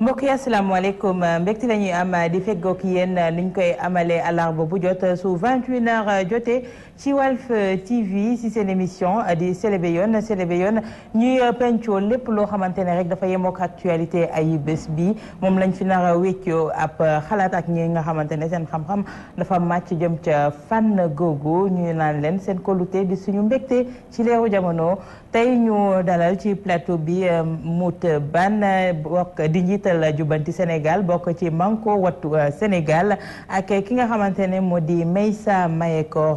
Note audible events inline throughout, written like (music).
mbokk yi asalaamaaleykum euh, mbekk la ñuy ama di feggoog yéen liñ euh, koy amalee àllarba bu jot euh, su 28 heures jotee ci Walf euh, TV ci seen émission euh, di Selebe Yoon Selebe Yoon ñuy euh, pencoo lépp loo xamante ne rek dafa yemook actualité ay bés bi moom lañ fi nar wéccoo ab xalaat ak ñi nga xamante ne seen xam-xam dafa màcc jëm ca fànn googu ñu naan leen seen kolute di suñu mbégte ci leeru jamono tey ñu dalal ci plateau bi Mout Bane bokk di njiital jubanti Sénégal bokk ci Manko watu Sénégal ak ki nga xamante ne moo di may Meissa Mayekor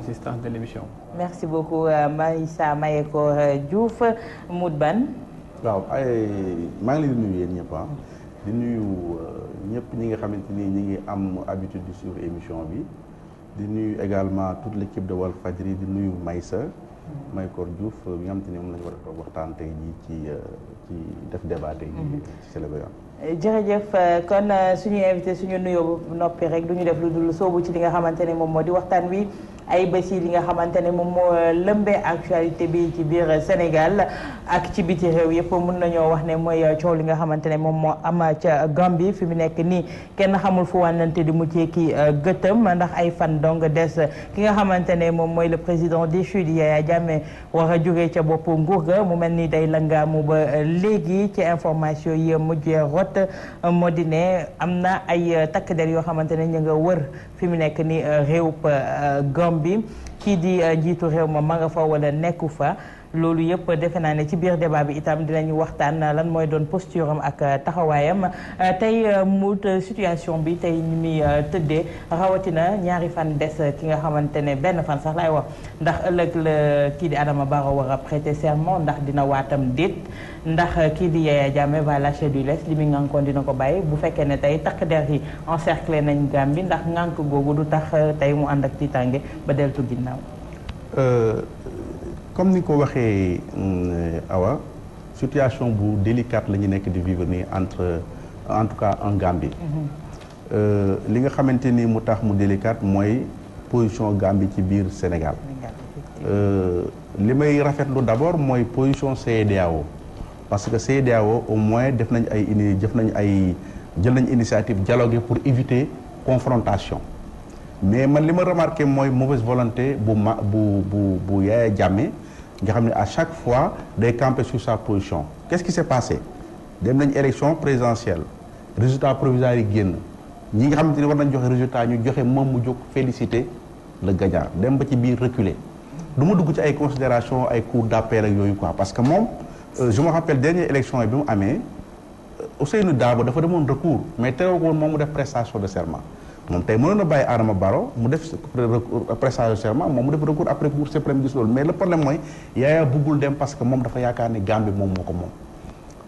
assistance de l'émission merci beaucoup euh, Maïssa Mayeko euh, Diouf Mout Ban waaw ay maa ngi leen di nuyu yéen ñëpp ah. di nuyu euh, ñëpp ñi nga xamante ni ñi ngi am habitude di suivre émission bi di nuyu également tout le l'équipe de Walfadjri di nuyu Maïssa mm-hmm. Maykor Diouf bi nga xamante ni moom lañu war a toog waxtaan tey jii ci ci def débat tey jii mm-hmm. ci ah. jërëjëf kon suñu invité suñu nuyoo noppi rek du def lu dul soobu ci li nga xamante ne moom moo di waxtaan wi ay bés yi li nga xamante ne moom moo lëmbee actualité bii ci biir Sénégal ak ci biti réew yëpp mun nañoo wax ne mooy coow li nga xamante ne moom moo am ca Gambie fi mu nekk nii kenn xamul fu wànnante di muccee ki euh, gëtëm ndax ay fan dong des ki nga xamante ne moom mooy le président déchu di Yaya Jammeh war a jóge ca bopp nguur ga mu mel ni day langaamu ba euh, léegi ci information yi mujjee rot moo am na ay euh, takk der yoo xamante ne ñu wër fi mu nekk nii réew Gambie bi kii di eh, jiitu réew ma ma nga fa wala nekku fa loolu yëpp defe naa ne ci biir débat bi itam dinañu waxtaan lan mooy doon posture am ak euh, taxawaayam euh, tey euh, mu situation bi tey ni muy tëddee rawatina ñaari fan des ki nga xamante ne benn fan sax laay wax ndax ëllëg la kii di Adama Barrow war a prêter serment ndax dina waatam déet ndax kii di Yaya Jammeh va lâcher du lest li muy ngànkoon dina ko bàyyi bu fekkee ne tey takk der yi encercler nañ Gambie ndax ngànk googu du tax tey mu ànd ak tiitaange ba deltu ginnaaw comme ni ko waxee euh, Awa situation bu délicate la ñu nekk di vivre nii entre en tout cas en Gambie. Mhm. Euh, li nga xamante ni mu tax mu délicate mooy position Gambie ci biir Sénégal. Euh, li may rafetlu d'abord mooy position CEDEAO parce que CEDEAO au moins def nañ ay ini def nañ ay jël nañ initiative dialogue pour éviter confrontation mais man li ma remarqué mooy mauvaise volonté bu ma bu bu bu Yaya Jammeh nga xam ne à chaque fois day camper sur sa position qu'est-ce qui s'est passé dem nañ élection présidentielle résultat provisoire yi génn ñi nga xamante ne war nañ joxe résultat ñu joxe moom mu jóg féliciter le gagnant dem ba ci biir reculer du ma dugg ci ay considération ay cours d'appel ak yooyu quoi parce que moom euh, je me rappelle dernière élection yi bi mu amee Ousseynou daabo dafa demoon recours mais terew ko woon moom mu def prestation de serment moom tey mënoon na bàyyi Adama Barrow mu def après sage serment moom mu def recours après cour suprême gis loolu mais le problème mooy Yaya buggul dem parce que moom dafa yaakaar ni Gambie moom moo ko moom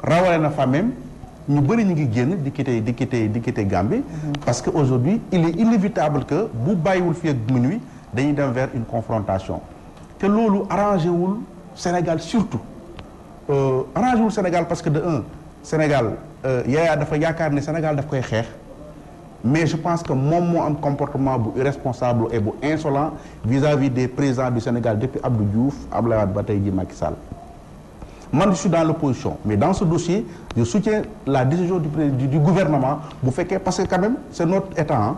rawale na famem ñu bëri ñu ngi génn di quitté di quitté di quitté Gambie mm-hmm. parce que aujourd'hui il est inévitable que bu bàyyiwul fii ak minuit dañuy dem vers une confrontation te loolu arrangé wul Sénégal surtout euh, arrangé Sénégal parce que de un Sénégal euh, Yaya dafa yaakaar ne Sénégal daf koy xeex mais je pense que moom moo am comportement bu irresponsable et bu insolent vis-à-vis des présidents du Sénégal depuis Abdou Diouf Abdoulaye Wade ba tey ji Macky Sall man je suis dans l'opposition mais dans ce dossier je soutiens la décision du du, du gouvernement bu fekkee parce que quand même c'est notre état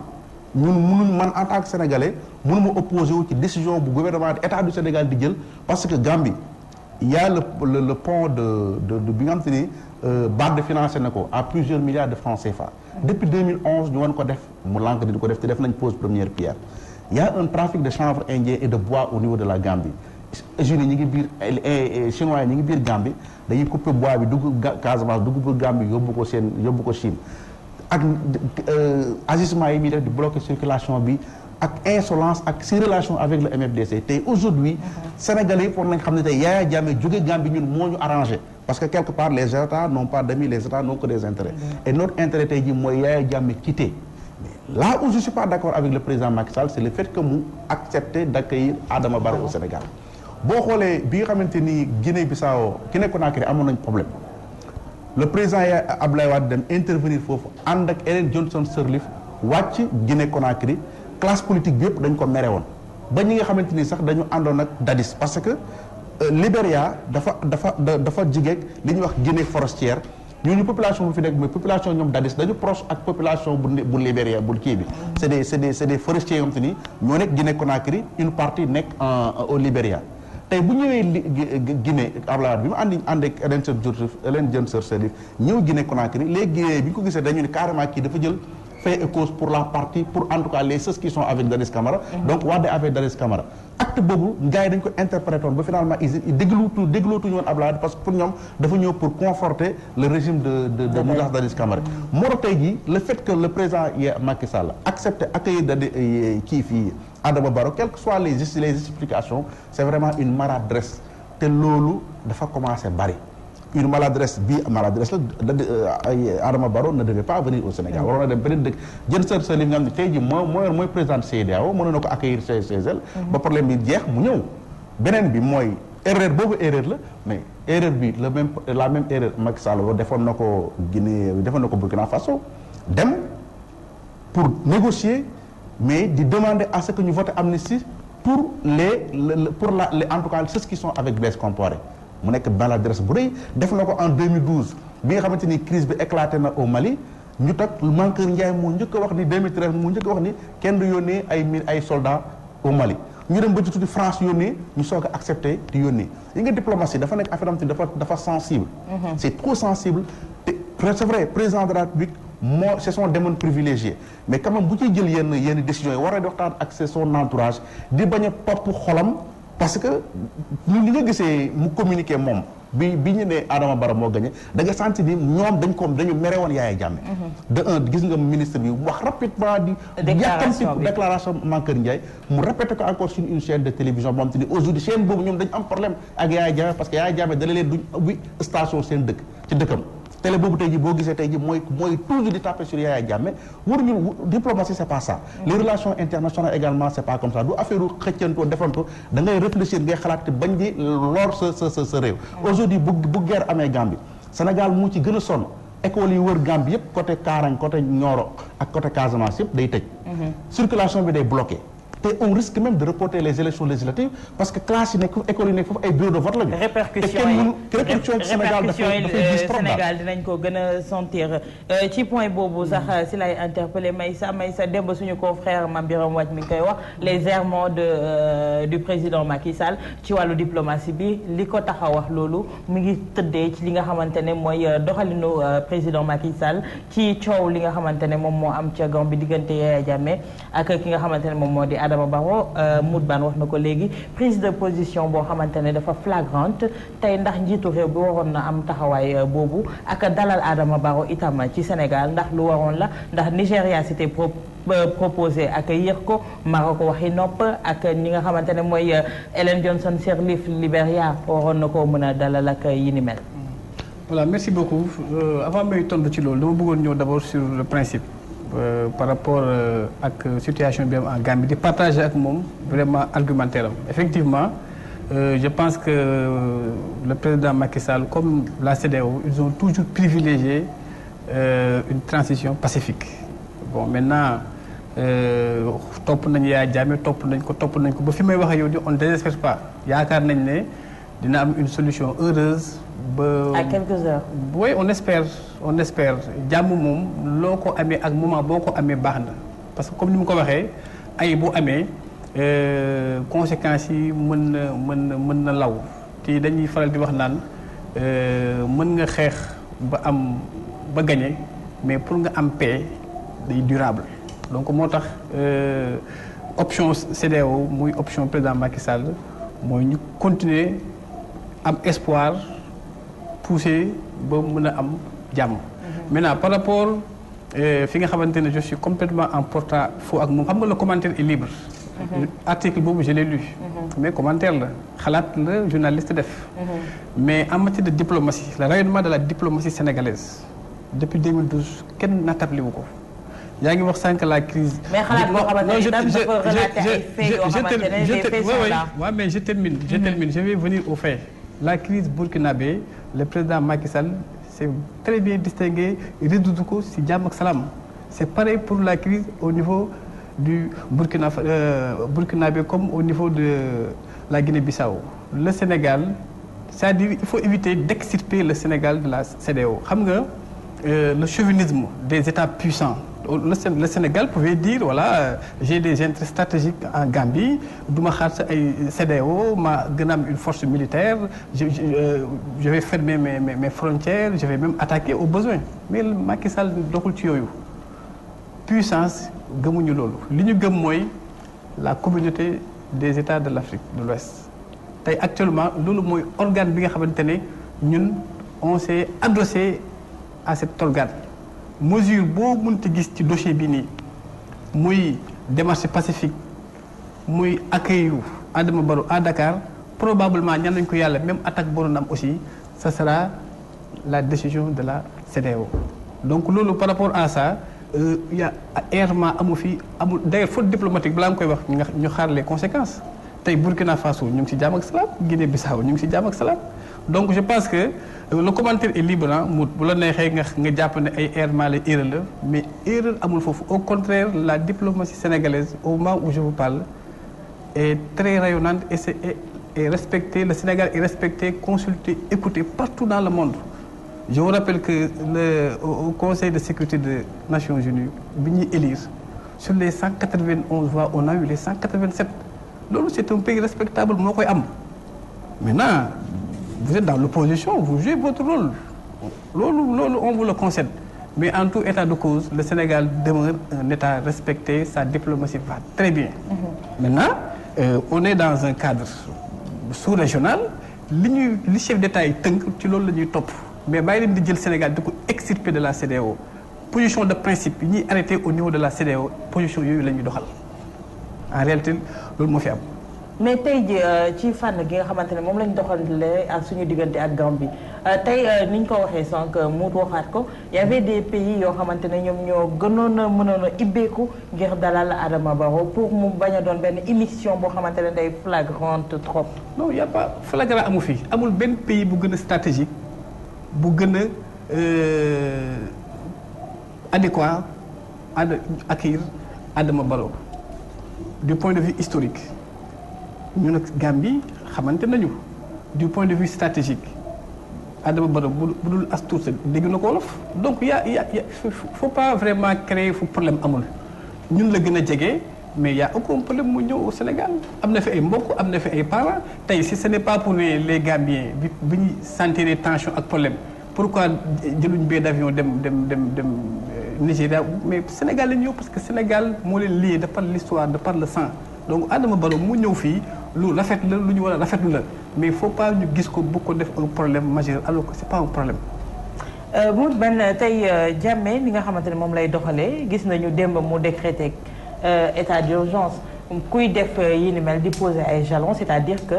ñun mënuñ man en ak que sénégalais mu ma opposé wu ci décision bu gouvernement état du Sénégal di jël parce que Gambie il la a le pont de de bi nga xam te ni euh, Barre de financé na ko à plusieurs de francs CFA. depuis 2011 ñu woon ko def mu lànk di ko def te def nañ pose première pierre y a un trafic de chanvre indien et de bois au niveau de la Gambie États-Unis ñi ngi biir chinois yi ñi ngi biir Gambie dañuy couper bois bi dugg Casamance dugg ba Gambie yóbbu ko seen yóbbu ko Chine ak euh, agissement yi muy def di bloquer circulation bi ak insolence ak ses relations avec le MFDC tey aujourd'hui Sénégalais yi pour nañ xam ne tey Yaya Jammeh jóge Gambie ñun moo ñu arrangé parce que quelque part les états n'ont pas d'amis les états n'ont que des intérêts et notre intérêt tey mooy Yaya Jammeh quitter mais là où je d'accord avec le président Macky Sall c'est le fait que mu accepter d'accueillir Adama Barrow Sénégal boo xoolee bi nga xamante ni Guinée Bissau Guinée Conakry amoon nañ problème le président Abdoulaye Wade dem intervenir foofu ànd ak Ellen Johnson Sirleaf wàcc Guinée Conakry classe politique bi yëpp dañ ko mere woon ñi nga xamante ni sax dañu àndoon ak dadis parce que Euh, Libéria dafa dafa dafa jigéeg li ñuy wax Guinée forestière ñu population bu fi nekk mooy population ñoom dadis dañu proche ak population bu bu Libéria bu kii bi. c'est des c'est des c'est des forestiers yoo xam te ni ñoo nekk Guinée Conakry une partie nekk au Libéria. tey bu ñëwee Guinée ablawaat bi mu àndi ànd ak Ellen Johnson Ellen Johnson Sirleaf ñëw Guinée Conakry les Guinéens bi ñu ko gisee dañu ne carrément kii dafa jël fait et pour la partie pour en tout cas les ceux qui sont avec acte boobu gars yi dañ ko interprété woon ba finalement ils déglootu déglootuñu woon Abdoulaye parce que pour ñoom dafa ñëw pour conforter le régime de de de Moussa Dadis moo tax tey le fait que le président y Macky Sall accepté accueillir dadi euh, kii fii Adama Barrow quelles que soient les les explications c'est vraiment une maladresse te loolu dafa commencé bari une maladresse bii maladresse la euh, ay Adama Barrow na devait pas venir au Sénégal mm. waroon na dem beneen dëkk jën sa sa li nga xam ne tey jii moo mooy président CEDEAO mënoon na ko accueillir chez elle mm-hmm. ba problème bi jeex mu ñëw beneen bi mooy erreur boobu erreur la mais erreur bi la même la même erreur Macky Sall defoon na ko Guinée defoon na ko Burkina Faso dem pour négocier mais di demander à ce que ñu vote amnistie pour les pour la les en tout cas ceux qui sont avec Blaise Compaoré mu nekk maladresse bu rëy def na ko en bi nga xamante ni crise bi éclaté na au Mali ñu toog Mankeur Ndiaye moo njëkk wax ni 2013 moo njëkk a wax kenn du yónnee ay mil ay au Mali. ñu dem ba ci France yónnee ñu soog a di yónnee yi nga diplomatie dafa nekk affaire am sensible. Mhm. c'est trop sensible te c'est vrai président de la République moo c'est son domaine privilégié mais quand même bu ciy jël yenn yenn décisions yi war a waxtaan ak son entourage di bañ a topp xolam. parce que ñun li nga gisee mu communiqué moom bi bi ñu ne Adama Barrow moo gagné da senti ni ñoom dañ ko dañu mere woon Yaya mm-hmm. de gis nga ministre bi wax rapidement di yàkkamti déclaration Mankeur Ndiaye mu répété ko encore sur une chaîne de télévision boo xam te ni aujourd'hui chaîne boobu ñoom dañu am problème ak Yaya Jammeh parce que Yaya Jammeh dala duñ ubbi station seen dëkk ci dëkkam télé boobu tey ji boo gisee tey ji mooy mooy toujours di taper sur Yaya Jammeh waruñu diplomatie c'est pas ça mm. les relations internationales également c'est comme ça du affaire xëccantoo defantoo da ngay ngay xalaat bañ di lor sa sa sa réew mm. aujourd'hui bu bu guerre amee Gambie Sénégal mu ci gën a sonn école yi wër Gambie yëpp côté Karang côté Nioro ak côté Casamance yëpp day tëj mm-hmm. circulation bi day bloqué te on risque même de reporter les élections législatives parce que classe yi nekk de vote lañu. répercussions yi te répercussions euh, ci point boobu sax hmm. démb suñu confrère Mame Birame Wathie mi ngi koy wax hmm. les errements de euh, du président Macky ci wàllu diplomatie bi li ko tax a wax loolu mi ngi tëddee ci li nga xamante ne mooy euh, doxalinu président Macky ci coow li nga xamante ne moom moo am ca Gambie diggante Yaya Jammeh ak ki nga xamante ne moom moo di Adama Adama Barrow euh, Moutbane wax na ko léegi prise de position boo xamante ne dafa flagrante tey ndax njiitu réew bi waroon na am taxawaay euh, boobu ak dalal Adama Barrow itam ci Sénégal ndax lu waroon la ndax Nigéria c'était pro euh, proposé ak yéex ko Maroc waxi nopp ak ñi nga xamante ne mooy Ellen Johnson Sirleaf Libéria waroon na ko mën a dalal ak yi ni mel. voilà merci beaucoup avant may tontu ci loolu dama bëggoon ñëw d'abord sur le principe. Euh, par rapport euh, ak situation bi am en Gambie di partager ak moom vraiment argumentaire am effectivement euh, je pense que le président Macky Sall comme la CEDEAO ils ont toujours privilégié une transition pacifique bon maintenant topp nañ yaa Jammeh topp nañ ko topp nañ ko ba fi may waxe yow di on ne désespère pas yaakaar nañ ne dina am une solution heureuse ba à on espère on espère jàmm moom loo ko amee ak moment boo ko amee baax na parce que comme ni mu ko waxee ay bu amee euh, conséquences yi mën na mën na mën na law te dañuy faral di wax naan euh, mën nga xeex ba am ba gagné mais pour nga am paix day durable donc moo tax euh, option CEDEAO muy option président Macky Sall mooy ñu continuer am espoir. poussé ba mën a am jàmm. Mhm. maintenant par rapport euh, fi nga xamante ne je suis complètement en porte-à-faux ak moom xam nga le commentaire est libre. Mhm. article boobu je l'ai lu. Mhm. mais commentaire la xalaat la journaliste def. mais en matière de diplomatie le rayonnement de la diplomatie sénégalaise depuis 2012 kenn natable ko. yaa ngi wax sànq la crise. mais xalaat boo xamante ne dañ ko relater ay venir au fait. la crise burkinabé le président Macky Sall s'est très bien distingué résoudre ko ci jàmm ak salaam c'est pareil pour la crise au niveau du Burkina euh, burkinabé comme au niveau de la Guinée-Bissau le Sénégal c'est-à-dire il faut éviter d'extirper le Sénégal de la CEDEAO xam nga euh, le chauvinisme des États puissants le Sénégal pouvait dire voilà j'ai des intérêts stratégiques en Gambie du ma xaar sa ay o ma gën am une force militaire je je euh, vais fermer mes mes frontières je vais même attaquer au besoin mais Macky Sall doxul ci yooyu puissance gëmuñu loolu li ñu gëm mooy la communauté des États de l'Afrique de l'Ouest tey actuellement loolu mooy organe bi nga xamante ne ñun on s'est adossé à cet organe mesure boo mënta gis ci dossier bi nii muy démarche pacifique muy accueil yu Adama Barrow à Dakar probablement ñaan nañ ko yàlla même attaque boo doon aussi ça sera la décision de la CEDEAO donc loolu par rapport à ça euh, y a errement amu fi amul d'ailleurs faute diplomatique balaa nga koy wax ñu xaar les conséquences tey Burkina Faso ñu ngi si jaam ak salaam Guinée Bissau ñu ngi si jaam ak salaam donc je pense que le commentaire est libre mu bu la neexee nga nga jàpp ne ay erreur mala erreur la mais erreur amul foofu au contraire la diplomatie sénégalaise au moment où je vous parle est très rayonnante et c'est est respecté le Sénégal est respecté consulté écouté partout dans le monde je vous rappelle que le conseil de sécurité de Nations Unies bi ñuy élire sur les 191 voix on a eu les 187 loolu c'est un pays respectable moo koy am maintenant vous êtes dans l'opposition vous jouez votre rôle loolu loolu on vous le concède mais en tout état de cause le Sénégal demeure un état respecté sa diplomatie va très bien mmh. maintenant euh, on est dans un cadre sous-régional li ñuy li chef d'État yi tënk ci loolu la ñuy topp mais bàyyi leen di jël Sénégal di ko extirper de la CEDEAO position de principe yi ñuy arrêté au niveau de la CEDEAO position yooyu la ñuy doxal en réalité loolu moo fi am mais tey ji euh, ci fànn gi nga xamante ne moom lañ doxalee ak suñu diggante ak Gambie euh, tey euh, ni ñu ko waxee sànq mu waxaat ko y avait des pays yoo xamante ne ñoom ñoo gënoon a mënoon a ibbeeku ngir dalal Adama Barrow pour mu bañ a doon benn émission boo xamante ne day flagrante trop. non y a pas flagrant amu fi amul benn pays bu gën a stratégique bu gën a adéquat ad accueillir Adama Barrow du point de vue historique. ñun ak Gambie xamante nañu du point de vue stratégique Adama Barrow bu dul as tuut dégg na ko wolof donc yaa ya ya faut pas vraiment créer fu problème amul ñun la gën a jege mais y' a aucun problème mu ñëw au Sénégal am na fi ay mbokk am na fi ay parents tey si ce n' est pas pour ne les Gambiens bi bi ñu sentir tension ak problème pourquoi jëluñ billet d' avion dem dem dem dem euh, Nigéria mais Sénégal la ñëw parce que Sénégal moo leen lii de par l'histoire par le sang donc Adama Barrow mu ñëw fii. lu rafet la lu ñu war a rafetlu la mais il faut pas ñu gis ko bu ko def un problème majeur alo ko c'est pas un problème. Euh, Mouride Ben tey euh, Jammeh li nga xamante ne moom lay doxalee gis nañu démb mu décrété euh, état d'urgence kuy def yi ni mel di poser ay jalons c'est-à-dire que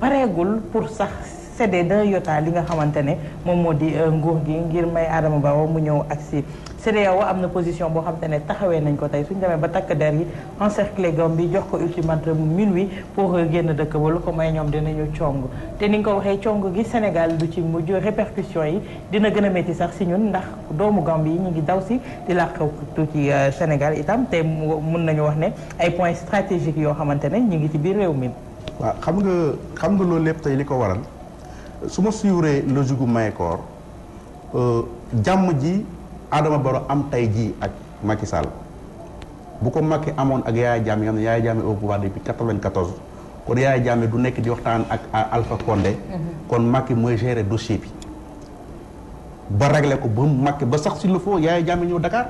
pareegul pour sax. cédé d'un iota li nga xamante ne moom moo di euh, nguur gi ngir may Adama Barrow mu ñëw ak si CEDEAO am na position boo xamante ne taxawee nañ ko tey suñ demee ba takk der yi encercler Gambie jox ko ultimatum minuit pour euh, génn dëkk ba ko may ñoom dinañu cong te ni ko waxee cong gi Sénégal du ci mujj répercussions yi dina gën a métti sax si ñun ndax doomu Gambie yi ñu ngi daw si di làqatu ci euh, Sénégal itam te mun nañu wax ne ay points stratégiques yoo xamante ne ñu ngi ci biir réew mi. waaw xam nga xam nga loolu lépp tey li ko waral. su ma suivre logique gu Mayakor euh, jàmm ji Adama Barrow am tey jii ak Macky Sall bu ko Macky amoon ak Yaya Jammeh nga xam ne Yaya Jammeh au pouvoir kon Yaya Jammeh du nekk di waxtaan ak Alpha Condé. Mhm. kon Macky mooy gérer dossier bi. ba réglé ko ba Macky ba sax s'il le faut Yaya ñëw Dakar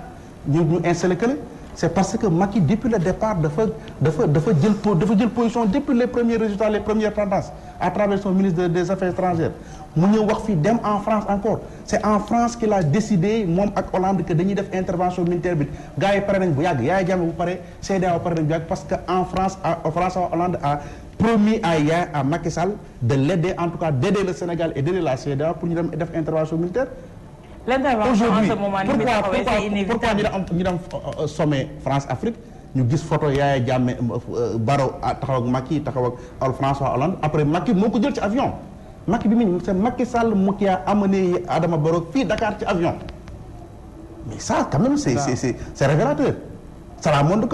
ñu ñu installé kële. c'est parce que Macky depuis le départ dafa dafa dafa jël po dafa jël position depuis les premiers résultats les premières tendances à travers ministre des affaires étrangères mu ñëw wax fii dem en France encore c'est en France qu'il a décidé moom ak Hollande que dañuy def intervention militaire bi gars yi pare nañ bu yàgg Yaya Jammeh bu pare CEDEAO pare nañ bu yàgg parce que en France a France à Hollande à promis à Yaya à Macky de l'aider en tout cas d'aider ñu dem def intervention militaire l'intervention en ce moment ni ñu am ñu euh, France Afrique ñu gis photo Yaya Jammeh euh, euh, Barrow ah, taxaw ak Macky taxaw ak François Hollande après Macky moo ko jël ci avion Macky bi mu c'est Macky Sall mu ki a amené Adama Barrow fii Dakar ci avion mais ça quand même c'est c'est révélateur ça la montre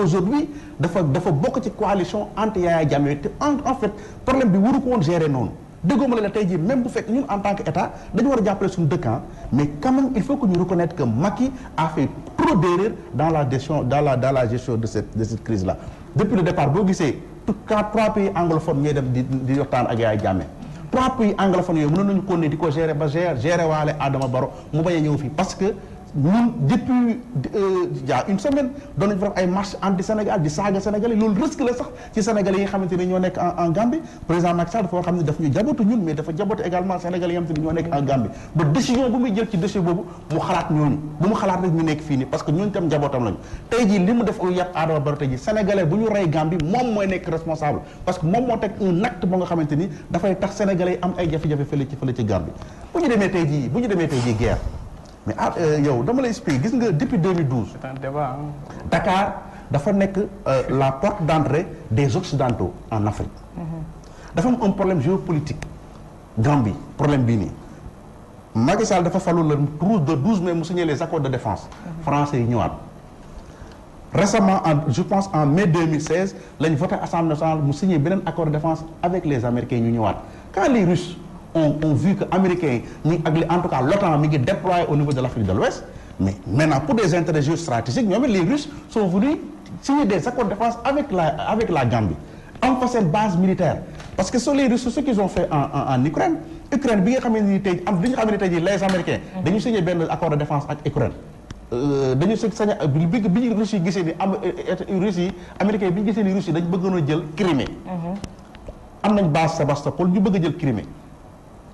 aujourd'hui dafa dafa bokk ci coalition anti Yaya Jammeh te en fait problème bi waru ko woon gérer noonu déggoo ma ne la tey jii même bu fekk ñun en tant que état dañu war a jàppale suñu dëkkan ah, mais quand il faut que ñu reconnaître que Macky a trop d'erreurs dans la gestion dans la dans la gestion de cette de cette crise là depuis le départ boo gisee tout cas trois pays ñooy dem di di waxtaan ak Yaya Jammeh trois pays anglophones yooyu mënoon nañu continuer di ko gérer ba gérer waale Adama Barrow mu bañ a ñëw fii parce que ñun depuis il euh, y a une semaine doon nañu fa def ay marche anti Sénégal di saaga sénégalais loolu risque la sax ci sénégalais yi xamante ne ñoo nekk en en Gambie président Macky Sall dafa xam ne daf ñu jabootu ñun mais dafa jabootu également sénégalais yi xamante ne ñoo nekk en Gambie ba décision bu muy jël ci décision boobu mu xalaat ñooñu bu mu xalaat rek ñu nekk fii nii parce que ñooñu tam jabootam lañu tey jii li mu def yàpp Adama Barrow tey jii sénégalais que moom moo teg un acte ba nga xamante ni dafay tax sénégalais demee tey jii bu ñu demee tey mais ah euh, yow dama lay expliquer gis nga depuis 2012. c'est un débat Dakar dafa nekk euh, la porte d'entrée des occidentaux en Afrique. Mm-hmm. dafa am un problème géopolitique. Gambie problème bii nii. Macky dafa falu le 12 de 12 mu signé les accords de défense. Mm-hmm. français yi ñëwaat. récemment en je pense en mai 2016 lañ voté assemblée nationale mu signé beneen accord de défense avec les américains ñu ñëwaat quand les russes. ont, en tout cas l'OTAN mi ngi déployé au niveau de l'Afrique de l'Ouest mais maintenant pour des intérêts géostratégiques ñoom it les Russes sont venus signer des accords de défense avec la Gambie am fa base militaire parce que sur les ressources qu'ils ont fait en en en Ukraine Ukraine bi nga xam ne tey am bi nga xam ne tey les Américains. dañu euh, dañu si a gisee ni am euh, Russie Américains bi ñu gisee ni Russie dañu bëggoon jël Crimée. Mm-hmm. am nañ base Sébastopol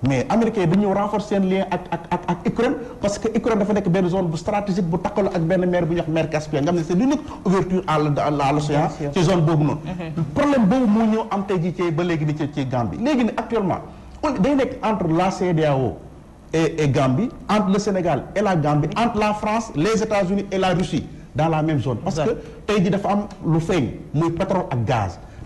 mais américains yi dañu ñëw renforcer seen lien ak ak Ukraine parce que Ukraine dafa nekk benn zone bu stratégique bu takkaloo ak benn mer bu ñuy wax mer Caspien nga xam ne c'est l'unique ouverture à à l'océan ci zone boobu noonu mhm. problème boobu moo ñëw am tey ji ci ba léegi ni ci ci Gambie léegi ni actuellement day nekk entre la CEDEAO et Gambie entre le Sénégal et la Gambie entre la France les États-Unis et la Russie dans la même zone parce que tey ji dafa am lu feeñ muy pétrole ak gaz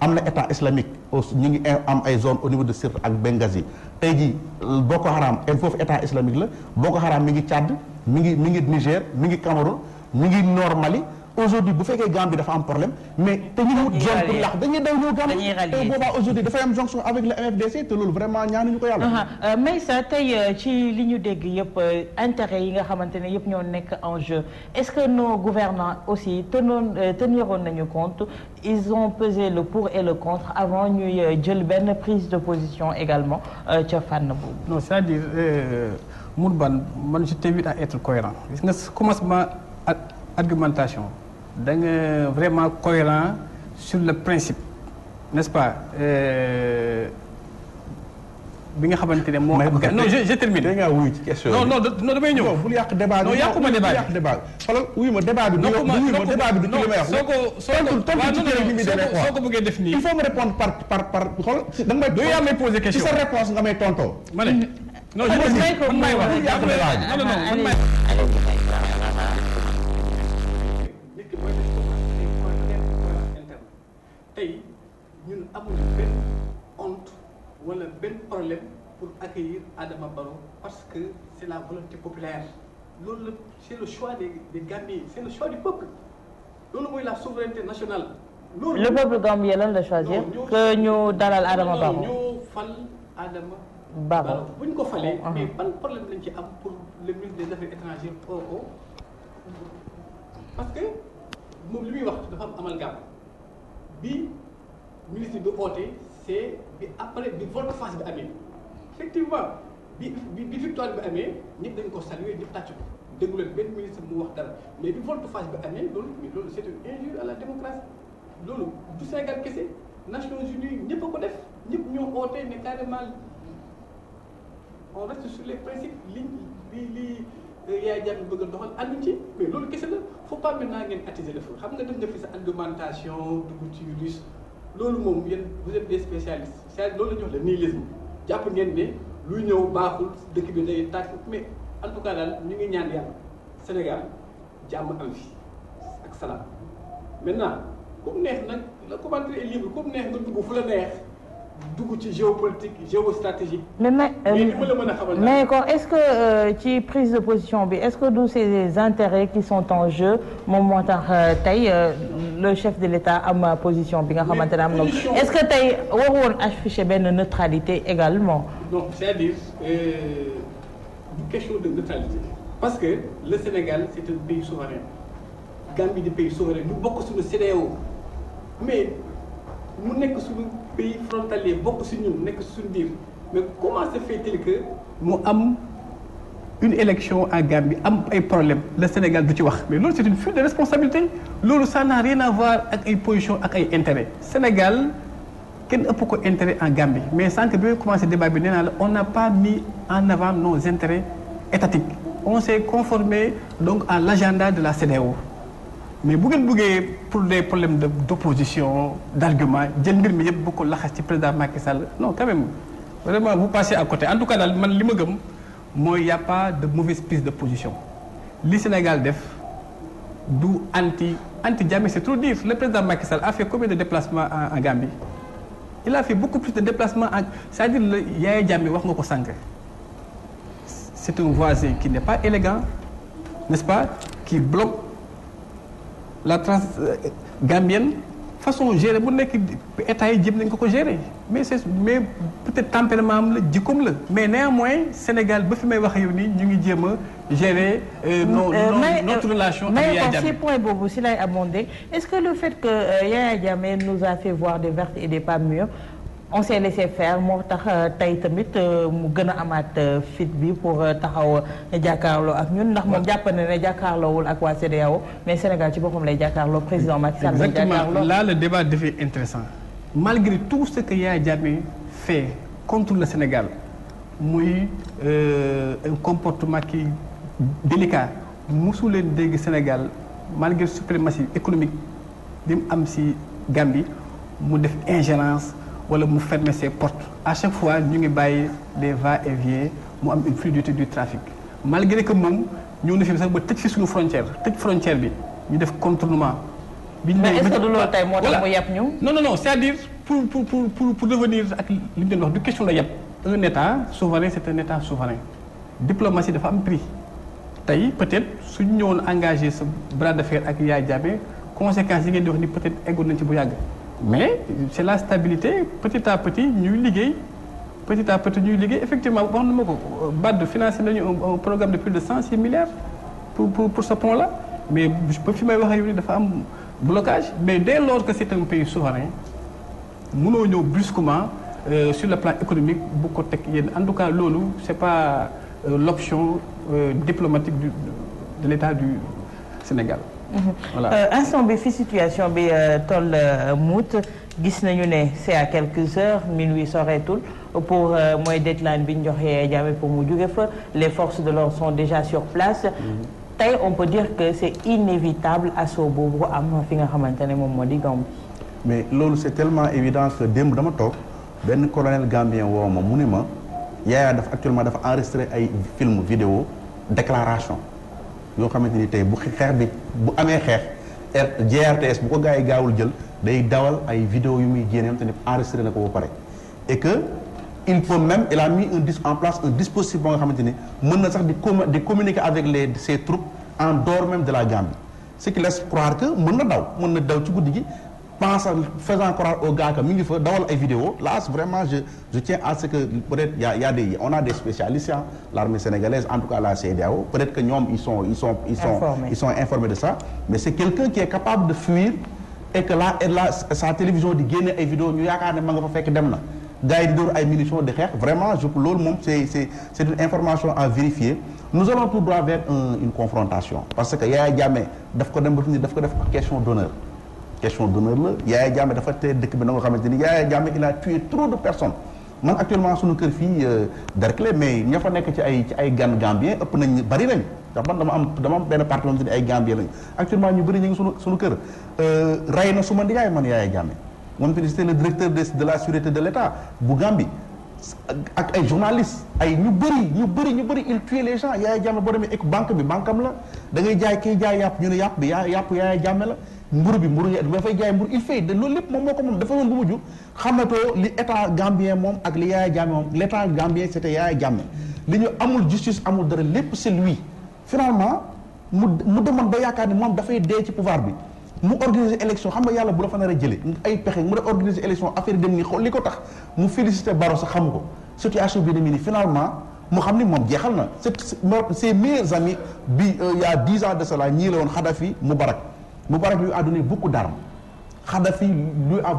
am na état islamique ñu ngi e, am ay zone au niveau de Sirte ak Benghazi tey jii euh, Boko Haram en foofu état islamique la Boko Haram mi ngi Tchad mi ngi mi ngi Niger mi ngi Cameroun mi ngi Nord aujourd'hui bu fekkee Gambie dafa am problème mais te ñu wut zone pour lax dañuy daw ñëw Gambie te boobaa aujourd'hui dafay am jonction avec le MFDC te loolu vraiment ñaanuñu ko yàlla uh-huh. euh, Meissa tey euh, ci li ñu dégg yëpp euh, intérêt yi nga xamante ne yëpp ñoo nekk en jeu est-ce que nos gouvernants aussi tenoon teniroon nañu compte ils ont pesé le pour et le contre avant ñuy jël benn prise de position également ca fànn boobu non c'est-à-dire Mourban man je t'invite à être cohérent gis nga commencement argumentation da nga vraiment cohérent sur le principe n'est-ce pas euh, bi nga xamante ne moo. non je je termine. da ngaa wuyu ci question non non damay ñëw. non bul yàq débat ma débat bi. du yomb wuyu ma débat bi du ci li soo ko soo ko waaw non non soo ko bëggee def nii. il faut me répondre par par par xool da may. doo yaa may question nga may tontoo. ma ne je may ko may wax non non man tey ñun amuñu benn honte wala benn problème pour accueillir Adama Barrow parce que c'est la volonté populaire loolu la c'est le choix des des Gambiens c'est le choix du peuple loolu mooy la souveraineté nationale. loolu le peuple gambien lan la choisir. que ñu dalal Adama Barrow ñoo fal Adama. Barrow bu ñu ko falee. Ah. mais ban problème lañ ci am pour le ministre des affaires étrangères oo oh, oh. ko parce que moom li muy wax dafa am amalgame. bi ministre bi oote c'est bi après bi volte face bi amee effectivement bi bi victoire bi amee ñëpp dañ ko saluer ñëpp tàcc ko déglu benn ministre mu wax dara mais bi volte face bi amee loolu loolu c'est une injure à la démocratie loolu du Sénégal kese Nations Unies ñëpp ko def ñëpp ñoo oote ne carrément on reste sur les principes li li li. yaay jàmm bëgg a doxal ànd ci mais loolu kese la faut pas maintenant ngeen attiser xam nga def nga fi sa argumentation dugg ci loolu moom yéen vous êtes des spécialistes c'est loolu la ñuy wax le nihilisme jàpp ngeen ne luy ñëw baaxul dëkk bi day tàkk mais en tout cas daal ñu ngi ñaan yàlla Sénégal jàmm am fi ak salaam maintenant comme neex nag la commentaire est libre comme neex nga dugg fu la neex. dugg ci géopolitique géostratégique. mais mais euh, kon est-ce que euh, ci prise de position bi est-ce que du ces intérêts qui sont en jeu moom moo tax euh, tey le chef de l'État am position bi nga xamante ne am na. est-ce que tey waru woon afficher benn neutralité également. donc c'est-à-dire question de neutralité. parce que le Sénégal c'est un pays souverain. Gambie di pays souverain ñu bokk suñu CEDEAO mais mu nekk suñu. pays frontalier bokk si ñun nekk suñu biir mais comment se fait-il que mu am une élection en Gambie am ay problème le Sénégal du ci wax mais loolu c'est une fuite de responsabilité loolu ça n'a rien à ak ay position ak ay intérêt Sénégal kenn ëpp ko intérêt en Gambie mais sànq bi commencé débat bi nee naa la on n'a pas mis en avant nos intérêts étatiques on s'est conformé donc à l'agenda de la CEDEAO mais bu ngeen buggee pour des problème de d' opposition d' argument jël mbir mi yëpp bu ko laxas ci président Macky Sall non quand même vraiment vous passez à côté en tout cas daal man li ma gëm mooy y' a pas de mauvaise prise de position li Sénégal def du anti anti Jammeh c' est trop dire le président Macky Sall a fait combien de déplacements en Gambie il a fait beaucoup plus de déplacements en c' est à dire le Yaya Jammeh wax nga ko sànq c' est un voisin qui n' est pas élégant n' pas qui bloque. la trans euh, gambienne façon gérer bu nekk état yi jëm nañ ko ko gérer mais c'est mais peut-être tempérament am la jikkoom la mais néanmoins Sénégal ba fi may wax yow nii ñu ngi jéem a gérer euh, euh, non notre relation ak Yaya Jammeh mais point est-ce que le fait que Yaya Jammeh nous a fait voir des vertes et des pas on s'est laissé faire moo tax euh, tey tamit euh, mu gën a amaat euh, fit bi pour taxaw jàkkaarloo ak ñun ndax moom jàpp na ne jàkkaarloowul ak waa CEDEAO mais Sénégal ci boppam lay jàkkaarloo président Macky Sall lay jàkkaarloo exactement là le débat devient intéressant malgré tout ce que Yaya fait contre le Sénégal muy euh, un comportement qui délicat musu leen dégg Sénégal malgré suprématie économique bi mu am si Gambie mu def ingérence wala mu fermer ses portes à chaque fois ñu ngi bàyyi des va-et-vient mu am une fluidité du trafic malgré que moom ñëw na fi sax ba tëj fi suñu frontière tëj frontière bi ñu def contournement. bi ñu mais est-ce tey moo tax mu yàpp ñu. non non non c'est-à-dire pour li ñu doon wax du question la yàpp un état souverain c'est un état souverain diplomatie dafa am prix tey peut-être suñu ñëwoon engagé sa bras de fer ak yaay Jammeh conséquences yi ngeen di wax ni peut-être eggoon nañ ci bu yàgg. mais c'est la stabilité petit à petit ñuy liggéey petit à petit ñuy liggéey effectivement wax na ma ko BAD financé nañu un programme de plus de cent six milliards pour pour pour ce pont la mais ba fi may waxee ak yow dafa am blocage mais dès lors que c'est un pays souverain mënoo ñëw brusquement euh, sur le plan économique bu ko teg yéen en tout cas loolu c'est pas euh, l'option euh, diplomatique du de l'État du Sénégal voilà euh, instant bi fi situation bi euh, toll euh, muut gis nañu ne c'est à quelques heures minuit soreetul pour mooy deadline bi ñu joxe Jammeh pour mu jóge fa les forces de l'ordre sont déjà sur place. Mm-hmm. tey on peut dire que c'est inévitable assaut boobu am fi nga xamante ne moom moo di Gambie. mais loolu c'est tellement évident que démb dama toog benn colonel gambien woo ma mu ne ma Yaya dafa actuellement dafa enregistré ay film vidéo déclaration. yoo xamante ni tey bu xeex bi bu amee xeex JRTS bu ko gars yi gaawul jël day dawal ay vidéo yu muy génne am te ne enregistré na ko ba pare et que il peut même il a mis un dis en place un dispositif boo nga xamante ni mën na sax di com communiquer avec les ses troupes en dehors même de la Gambie ce qui laisse croire que mën na daw mën na daw ci guddi gi pensant faisant croire aux gars que mi ngi fa dawal ay vidéo là vraiment je je tiens à ce que peut-être y on a des spécialistes l'armée sénégalaise en tout cas la CEDEAO peut-être que ñoom ils de ça mais c'est quelqu'un qui est capable de fuir et que là sa télévision di génne ay vidéo ñu yaakaar ne ma nga fa fekk dem na gars yi di dóor ay munitions de xeex vraiment je loolu moom c'est une information à vérifier nous allons tout droit vers une confrontation parce que ko dem ba fi def question d'honneur question d'honneur la Yaya Jammeh dafa tee dëkk bi na nga xamante ni Yaya Jammeh il a tué trop de personnes man actuellement suñu kër fii euh, Derklé mais ña fa nekk ci ay ci ay gan gambien ëpp nañ bari nañ ndax man dama am dama benn parti moom te ni ay gambien lañ actuellement ñu bëri ñu ngi suñu suñu kër euh, rey na su ma ndiyaay man Yaya Jammeh moom te ni c'était le directeur de de la sûreté de l'État bu Gambie ak ay journalistes ay ñu bëri ñu ñu bëri il tue les gens Yaya Jammeh boo demee banque bi banque am la da ngay jaay kiy jaay yàpp ñu ne yàpp bi yaa yàpp Yaya Jammeh la mburu bi mburu dafay jaay mburu il fait loolu lépp moom moo ko moom dafa woon bu mujj xamatoo li état gambien moom ak li Yaya Jammeh moom l' état gambien c' était Yaya Jammeh li ñu amul justice amul dara lépp c' est lui finalement mu mu demoon ba yaakaar ni moom dafay dee ci pouvoir bi mu organiser élection xam nga yàlla bu la fa nar a jëlee ay pexe mu de organiser élection affaire dem ni xool li ko tax mu félicité Baro sax xam ko situation bi demee nii finalement mu xam ni moom jeexal na ses meilleurs amis bi euh, il y a dix ans ñii la woon Xadafi Mubarak Moubarak lui a donné beaucoup d'armes Kadhafi lui a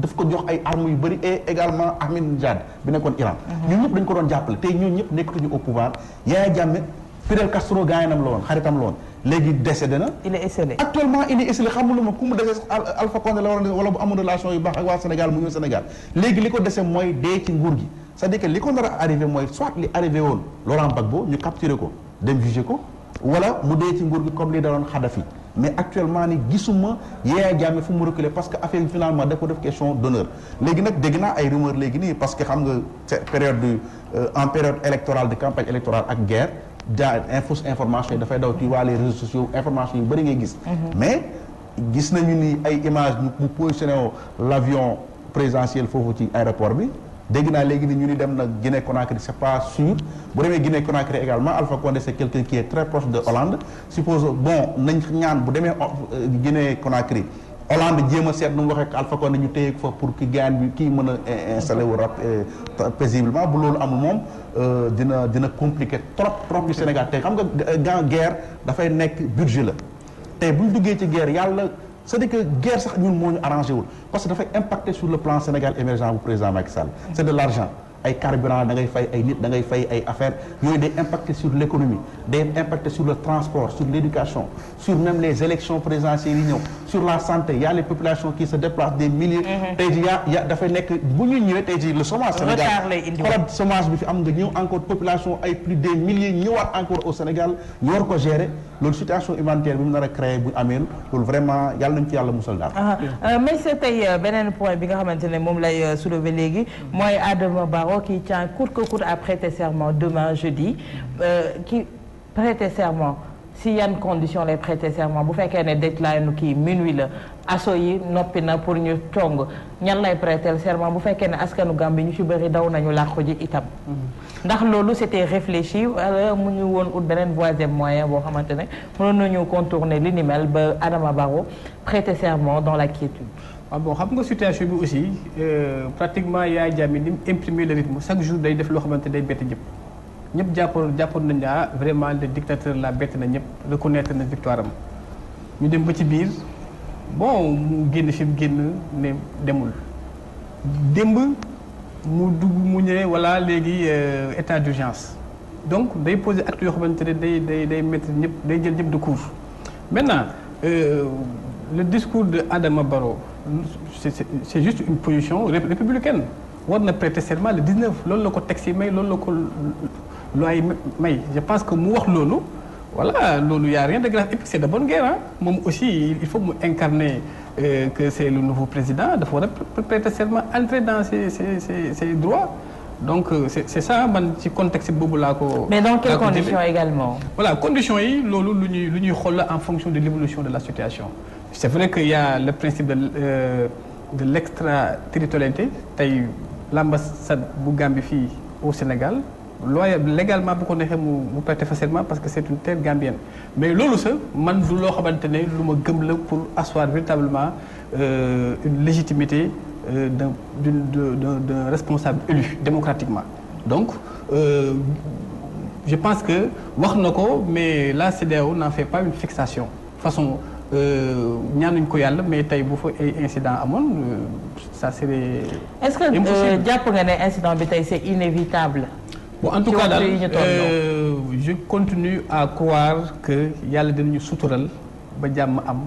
daf ko jox ay armes yu bëri et également Ahmadinejad bi nekkoon Iran. Mhm. ñun ñëpp dañu ko doon jàppale tey ñun ñëpp nekkatuñu au pouvoir Yaya Jammeh Fidel Castro gaañanam la woon xaritam loon woon léegi décédé na. il est esselé actuellement il est esselé xamuluma ku mu dese Alpha Condé la war wala bu amul relation yu baax ak waa Sénégal mu ñëw Sénégal léegi li ko dese mooy dee ci nguur gi cest à li ko nar a arrivé mooy soit li arrivé woon Laurent Gbagbo ñu capturé ko dem jugé ko wala mu dee ci nguur gi comme li daloon Kadhafi mais actuellement ni gisuma Yaya Jammeh fu mu reculer parce que affaire bi finalement da ko def question d'honneur léegi nag dégg naa ay rumeur léegi nii parce que xam nga période de euh, en période électorale de campagne électorale ak guerre jaa infos information yi dafay daw ci waa les réseaux sociaux information yu bëri ngay gis mhm. mais gis nañu ni ay image ñu mu positionné l'avion présidentiel foofu ci aéroport bi dégg naa léegi ni ñu ni dem na Guinée Conakry c' est pas sûr bu demee Guinée Conakry également Alpha Condé c' est quelqu'un qui est très proche de Hollande suppose bon nañ ñaan bu demee euh, Guinée Conakry Hollande jéem a seet nu mu waxee ak Alpha Condé ñu téye ko fa pour ki gaan bi kii mën a euh, installé wu rap euh, paisiblement bu loolu amul moom dina dina compliqué trop trop du Sénégal te xam nga gan guerre dafay nekk budget la te buñ duggee ci guerre yàlla c'est-à-dire que guerre sax ñun moo ñu arrangé wul parce que dafay impacter sur le plan Sénégal émergent bu président Macky Sall c'est de l'argent ay carburant da fay ay nit da ngay fay ay affaires yooyu day impacter sur l'économie day impacter sur le transport sur l'éducation sur même les élections présidentielles yi ñëw sur la santé y a les qui se déplacent des milliers mhm. tey jii yaa ya dafay nekk bu ñu ñëwee tey jii le chômage Sénégal xoolal chômage bi am nga ñëw encore population ay plus des milliers ñëwaat encore au Sénégal ñu ko gérer loolu situation humanitaire bi mu nar a bu amee loolu yàlla nañu ci yàlla musal daal ah, euh, mais c'est tey euh, beneen point bi nga xamante moom lay euh, soulever léegi mooy Adama Barrow qui tient coûte que coûte à prêter serment si yan condition lay prêter serment bu fekkee ne deadline nu kii minuit la asso yi noppi na pour ñu cong ñan lay prêter serment bu fekkee ne askanu Gàmbi ñu ci bëri daw nañu làqu ji itam mhm. ndax loolu c'était réfléchi wala euh, mu ñu woon ut beneen voie moyen boo xamante ne mënoon nañu contourner li ni mel ba Adama Barrow prêter serment dans la quiétude waaw ah bon xam nga situation bi aussi euh, pratiquement Yaya Jammeh ni mu imprimer le rythme chaque jour day def loo xamante day bett ñëpp ñëpp jàppoon jàppoon nañ ah vraiment le dictateur la bett na ñëpp reconnaître na victoire am ñu dem ba ci biir bon mu génn fi mu génn ne demul démb mu dugg mu ñëwee walla léegi euh, état d'urgence donc day poser acte yoo xamante ne day day day mettre ñëpp day jël ñëpp de court maintenant euh, le discours de Adama Barrow c'est c'est juste une position républicaine war na prêter serment le 19 loolu la ko teg si may loolu la ko lu ay may je pense que mu wax loolu voilà loolu y a rien de grave et puis c'est de bonne guerre moom aussi il faut mu incarner euh, que c'est le nouveau président dafa war a prêter serment entrer dans ses droits donc euh, c'est c'est ça man ci contexte boobu laa ko. mais dans quelles conditions également. voilà conditions yi loolu lu ñuy lu ñuy xool en fonction de l'évolution de la situation c'est vrai que y a le principe de euh, de l'extraterritorialité tey l'ambassade bu Gambie fii au Sénégal. looy légalement bu ko neexee mu mu perte facilement parce que c' une terre gambienne mais loolu sax man du loo xamante ne lu ma gëm la pour asseoir véritablement euh, une légitimité euh, d' un d' une d' responsable élu démocratiquement donc euh, je pense que wax na ko mais la CEDEAO n'en fait pas une fixation façon euh, ñaanuñ ko yàlla mais tey bu fa ay incident amoon euh, ça serait. est-ce que euh, jàpp nga ne incident bi tey c'est inévitable. bon en tout cas daal euh, je continue à croire que yàlla dinañu sutural ba jàmm am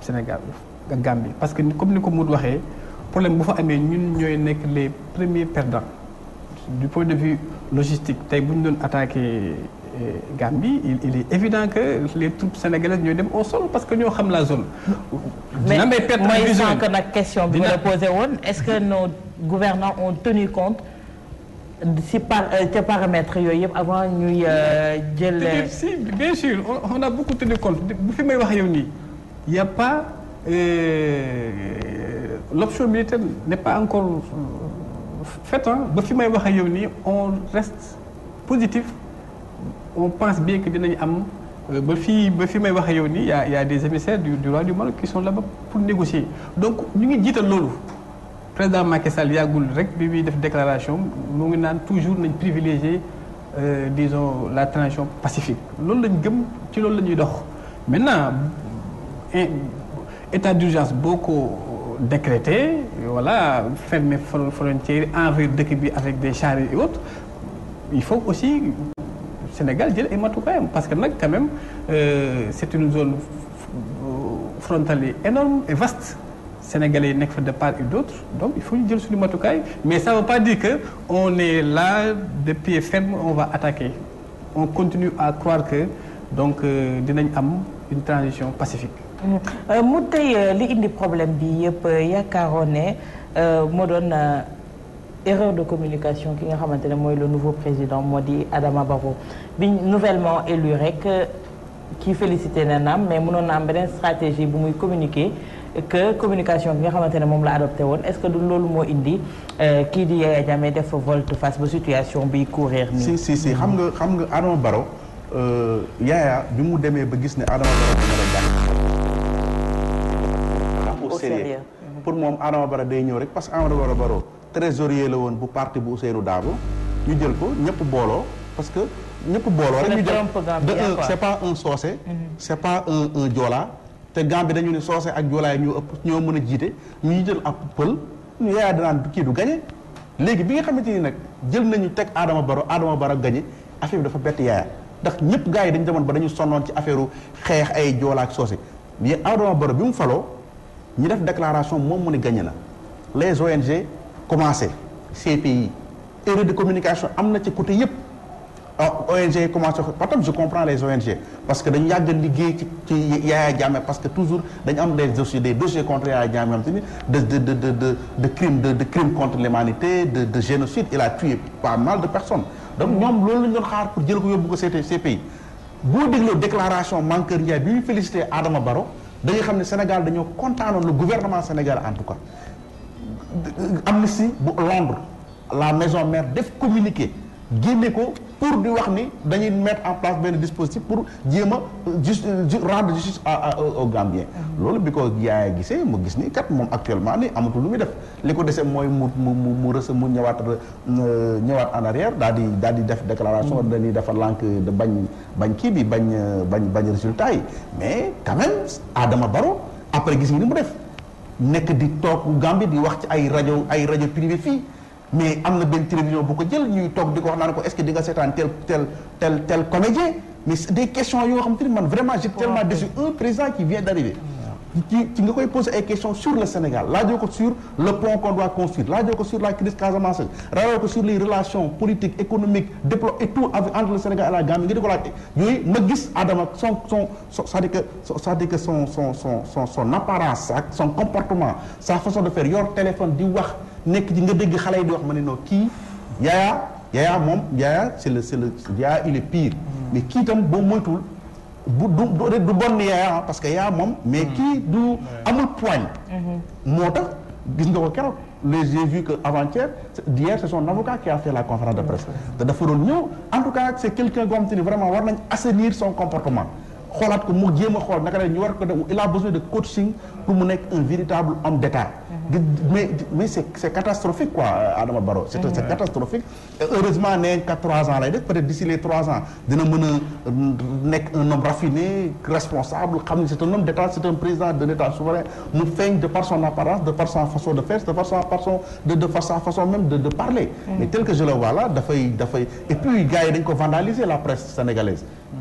Sénégal ak Gambie parce que comme ni ko Mout waxee problème bu fa amee ñun ñooy nekk les premiers perdants du point de vue logistique tey bu ñu doon attaqué euh, Gambie il, il est évident que les troupes sénégalaises ñooy dem au sol parce que ñoo xam la zone. dina may perte mooy sànq na question bi ma posé woon est-ce que nos gouvernants ont tenu compte. si par euh, ca paramètres yooyu yëpp avant ñuy euh, jël. si bien sûr on a beaucoup tenu compte bu fi may wax yow nii y' a pas euh, l' militaire n' pas encore faite ba fi may wax yow nii on reste positif on pense bien que dinañ am ba fii ba fi may wax yow nii y' a y' a des émissaires du du roi du Maroc qui sont là-bas pour négocier donc ñu ngi jiital loolu. président Macky Sall yàggul rek bi muy def déclaration mu ngi naan toujours nañ privilégier euh, disons la transition pacifique loolu lañ gëm ci loolu la ñuy dox maintenant état d'urgence boo ko euh, décrété voilà fermer frontière envahir dëkk bi avec des chariots et autres il faut aussi Sénégal jël ay matukaayam parce que nag quand même euh, c'est une zone euh, frontalière énorme et vaste sénégalais yi nekk fa de part et d'autre donc il faut ñu jël suñu matukaay mais ça veut pas dire que on est là depuis pied ferme on va attaquer on continue à croire que donc euh, dinañ am une transition pacifique mmh. euh, mu tey euh, li indi problème bi yëpp yaakaaroon ne moo doon erreur de communication ki nga xamante ne mooy le nouveau président moo di Adama Barrow bi nouvellement élu rek kii félicité na naam mais mënoon na am beneen stratégie bu muy communiquer que communication bi nga xamante ne moom la adopté woon est-ce que du loolu moo indi euh, kii di Yaya Jammeh def volte face ba situation bi courir nii. si si xam nga xam nga Adama Barrow euh, Yaya bi mu demee ba gis ne Adama Barrow au sérieux mm-hmm. pour moom Adama Barrow day ñëw rek parce que Adama Barrow trésorier la woon bu parti bu Ousseynou Dabo ñu jël ko ñëpp booloo parce que ñëpp booloo rek ñu jël c'est pas un soose mm-hmm. c'est pas te Gambie dañu ne soose ak joolaay ñoo ëpp ñoo mën a jiite ñu jiital ab pël ñu yaay danaan kii du gañe léegi bi nga xamante ni nag jël nañu teg Adama Baro Adama Baro gañe affaire bi dafa bett yaaya ndax ñëpp gars yi dañu demoon ba dañu sonoon ci affaire xeex ay joolaa soose mais Adama Baro bi mu faloo ñu def déclaration moom mu ne gañe na les ONG commencé CPI erreur de communication am na ci côté yëpp. Ah, ONG yi commencé wax par je comprends les ONG parce que dañu yàgg liggéey ci ci Yaya Jammeh parce que toujours dañu am les dossiers des dossiers contre Yaya Jammeh am tamit de de de de de de crime de de crime contre l'humanité de de génocide il a tué pas mal de personnes donc ñoom loolu lañ doon xaar pour jël ko yóbbu ko ces pays boo dégloo déclaration Mankeur Ndiaye bi ñu félicité Adama Barrow dañuy xam ne Sénégal dañoo kontaanoon le gouvernement Sénégal en tout cas Amnesty bu Londres la maison mère def communiqué génne ko pour di wax ni dañuy mettre en place benn dispositif pour jéem a euh, juste euh, rendre justice euh, au Gambien mmh. loolu bi ko yaaya gisee mu gis ni kat moom actuellement ni amatul lu muy def li ko desee mooy mu mu mu mu rese mu ñëwaat ñëwaat en arrière daal di daal di def déclaration mmh. dañuy dafa lànk de bañ bañ kii bi bañ bañ bañ résultat yi mais tamit aadama Adama Barrow après gis ngi ni mu def nekk di toog Gambie di wax ci ay rajo ay rajo privé fii mais am na benn télévision bu ko jël ñuy toog di ko wax naan ko est-ce que di nga seetaan tel tel tel tel comédien mais des questions yoo xam te ni man vraiment j'ai tellement déçu un président qui vient ci ci nga koy poser ay questions sur le Sénégal laajoo ko sur le pont qu'on doit construire laajoo ko sur la crise Casamance laajoo ko sur les relations politiques économiques diplo et tout entre le Sénégal et la Gambie nga di ko laaj yooyu ma gis Adama son son son c'est-à-dire que c'est-à-dire téléphone di wax nekk ci nga dégg xale yi di wax ma ne non kii Yaya Yaya moom Yaya c'est le c'est le Yaya il est pire. Mm. mais kii tam boo moytuwul du du du bon Yaya ah, parce que Yaya moom. mais mm. kii du amul poigne. Mm-hmm. moo tax gis nga ko keroog. les j'ai vu que avant-hier hier c'est son avocat qui la conférence de presse mm-hmm. dafa doon ñëw en tout cas c'est quelqu'un goo xam te ni vraiment war nañ assainir son comportement. xoolaat ko mu jéem a xool naka la ñu war ko def il a besoin de coaching pour mu nekk un véritable homme d'État. Mm-hmm. mais c'est catastrophique quoi Adama Barrow c'est mm-hmm. catastrophique heureusement a euh, nekk un homme raffiné responsable xam ne c'est un homme d'État c'est un président d'un État souverain mu feeñ de par apparence de par façon de faire de de de façon même de parler mm-hmm. mais tel que je le vois dafay dafay et puis gars dañ ko vandaliser la presse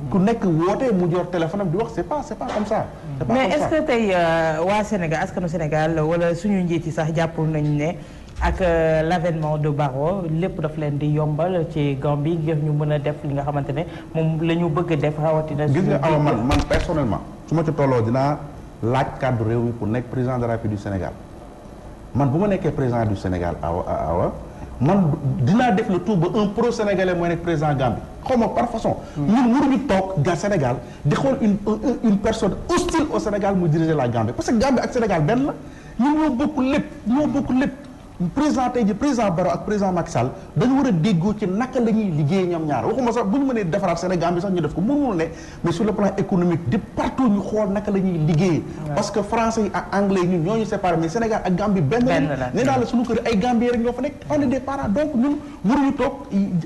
ku nekk woote mu jor téléphone am di wax c'est pas c'est pas comme ça. c'est pas mais comme est que tey euh, waa Sénégal askanu Sénégal wala suñu njiit yi sax jàpp nañ ne ak euh, l'avènement de Barro lépp daf leen di yombal ci Gambie ngir ñu mën a def li nga xamante ne moom la ñu bëgg a def rawatina. gis nga alors man man personnellement su ma ci tolloo dinaa laaj kàddu réew mi pour nekk président de la République du Sénégal man bu ma nekkee président du Sénégal awa awa man dinaa def le tout un pro sénégalais mooy nekk président Gambie. xaw ma par façon. ñun waruñu toog ga Sénégal di xool une euh, une personne hostile au Sénégal mu diriger la Gambie parce que Gambie ak Sénégal benn la ñun ñoo bokk lépp ñoo bokk lépp. président tey ji président Barrow ak président Macky Sall war a déggoo ci naka la liggéey ñoom ñaar waxuma sax bu ñu mënee defaraat Sénégal bi sax ñu def ko mënul ne mais sur le plan économique de ñu xool naka la liggéey parce que français yi ak anglais yi ñun ñoo séparé mais Sénégal ak Gambie benn la naa la suñu kër ay Gambie rek ñoo fa nekk on est des parents donc ñun waruñu toog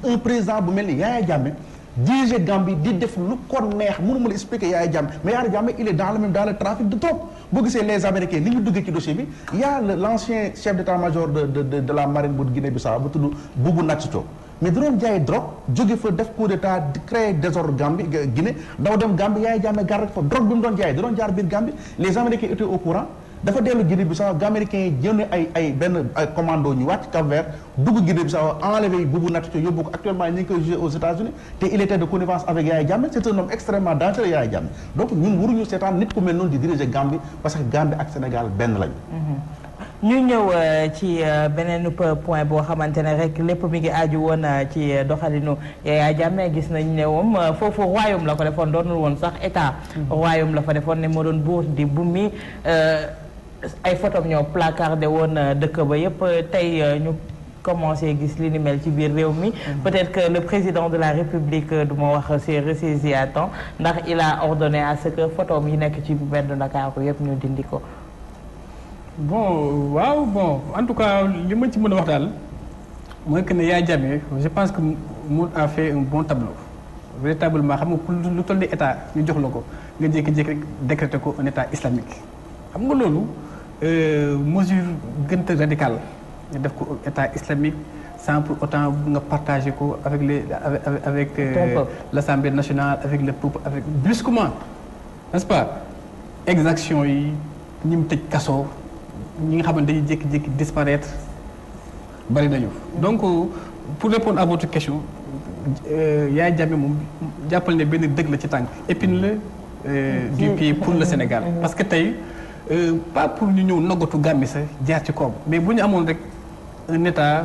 un président bu mel ni Yaya Jammeh diriger Gambie di def lu ko neex mënu ma la expliquer Yaya Jammeh mais Yaya Jammeh il est dans le même dans le trafic de drogue boo gisee les Américains ni ñu duggee ci dossier bi y a l' ancien chef d' major de de la marine bu Guinée-Bissau bu tudd Boubou Natchito mais da doon jaay drogue jóge fa def coup d' état créé désordre Guinée daw dem Gambie Yaya Jammeh garrek fa drogue bi mu doon jaay da doon jaar biir Gambie les Américains étaient au courant dafa dellu Guinée Bissau Américains yi jënd ay ay benn ay commando ñu wàcc Cap Vert dugg Guinée Bissau enlevé Boubou Natchez yóbbu ko actuellement ñu ngi koy jugé aux États-Unis te il était de connivence avec Yaya Jammeh c'est un homme extrêmement dangereux Yaya Jammeh donc ñun waruñu mm-hmm. ñu ñëw euh, ci euh, beneen point boo xamante ne rek lépp mi ngi aaju woon euh, ci doxalinu Yaya Jammeh gis nañ ne foofu royaume la ko defoon doonul woon sax état. Mm-hmm. royaume la fa ay photom ñoo placardé woon euh, dëkk ba yëpp euh, tey euh, ñu commencé gis li ni mel ci biir réew mi mm-hmm. peut-être que le président de la république du ma wax s'est ressaisi à ndax il a ordonné à ce que photom yi nekk ci mbedd Ndakaaru yëpp ñu dindi ko bon waaw bon en tout cas li ma ci mën a wax daal mooy que ne yaa jàmme je pense que Mour a fait un bon tableau véritablement xam nga pour lu toll ni état ñu jox la ko nga jékki-jékki décrété ko un état islamique xam nga loolu Euh, mesure gën a radicale nga def ko état islamique sans pour autant nga partager ko avec les avec euh, l'Assemblée nationale avec le peuple avec brusquement n'est-ce pas exaction yi ñi mu tëj kaso ñi nga xamante dañuy jékki-jékki disparaître bari nañu donc pour répondre à votre question euh, Yaya Jammeh moom jàppal ne benn dëgg la ci tànk épine la du mm. pied pour le Sénégal mm. parce que tey Euh, pas pour ñu ñëw noggatu gàmmi sax jaar ci koom mais bu ñu amoon rek un état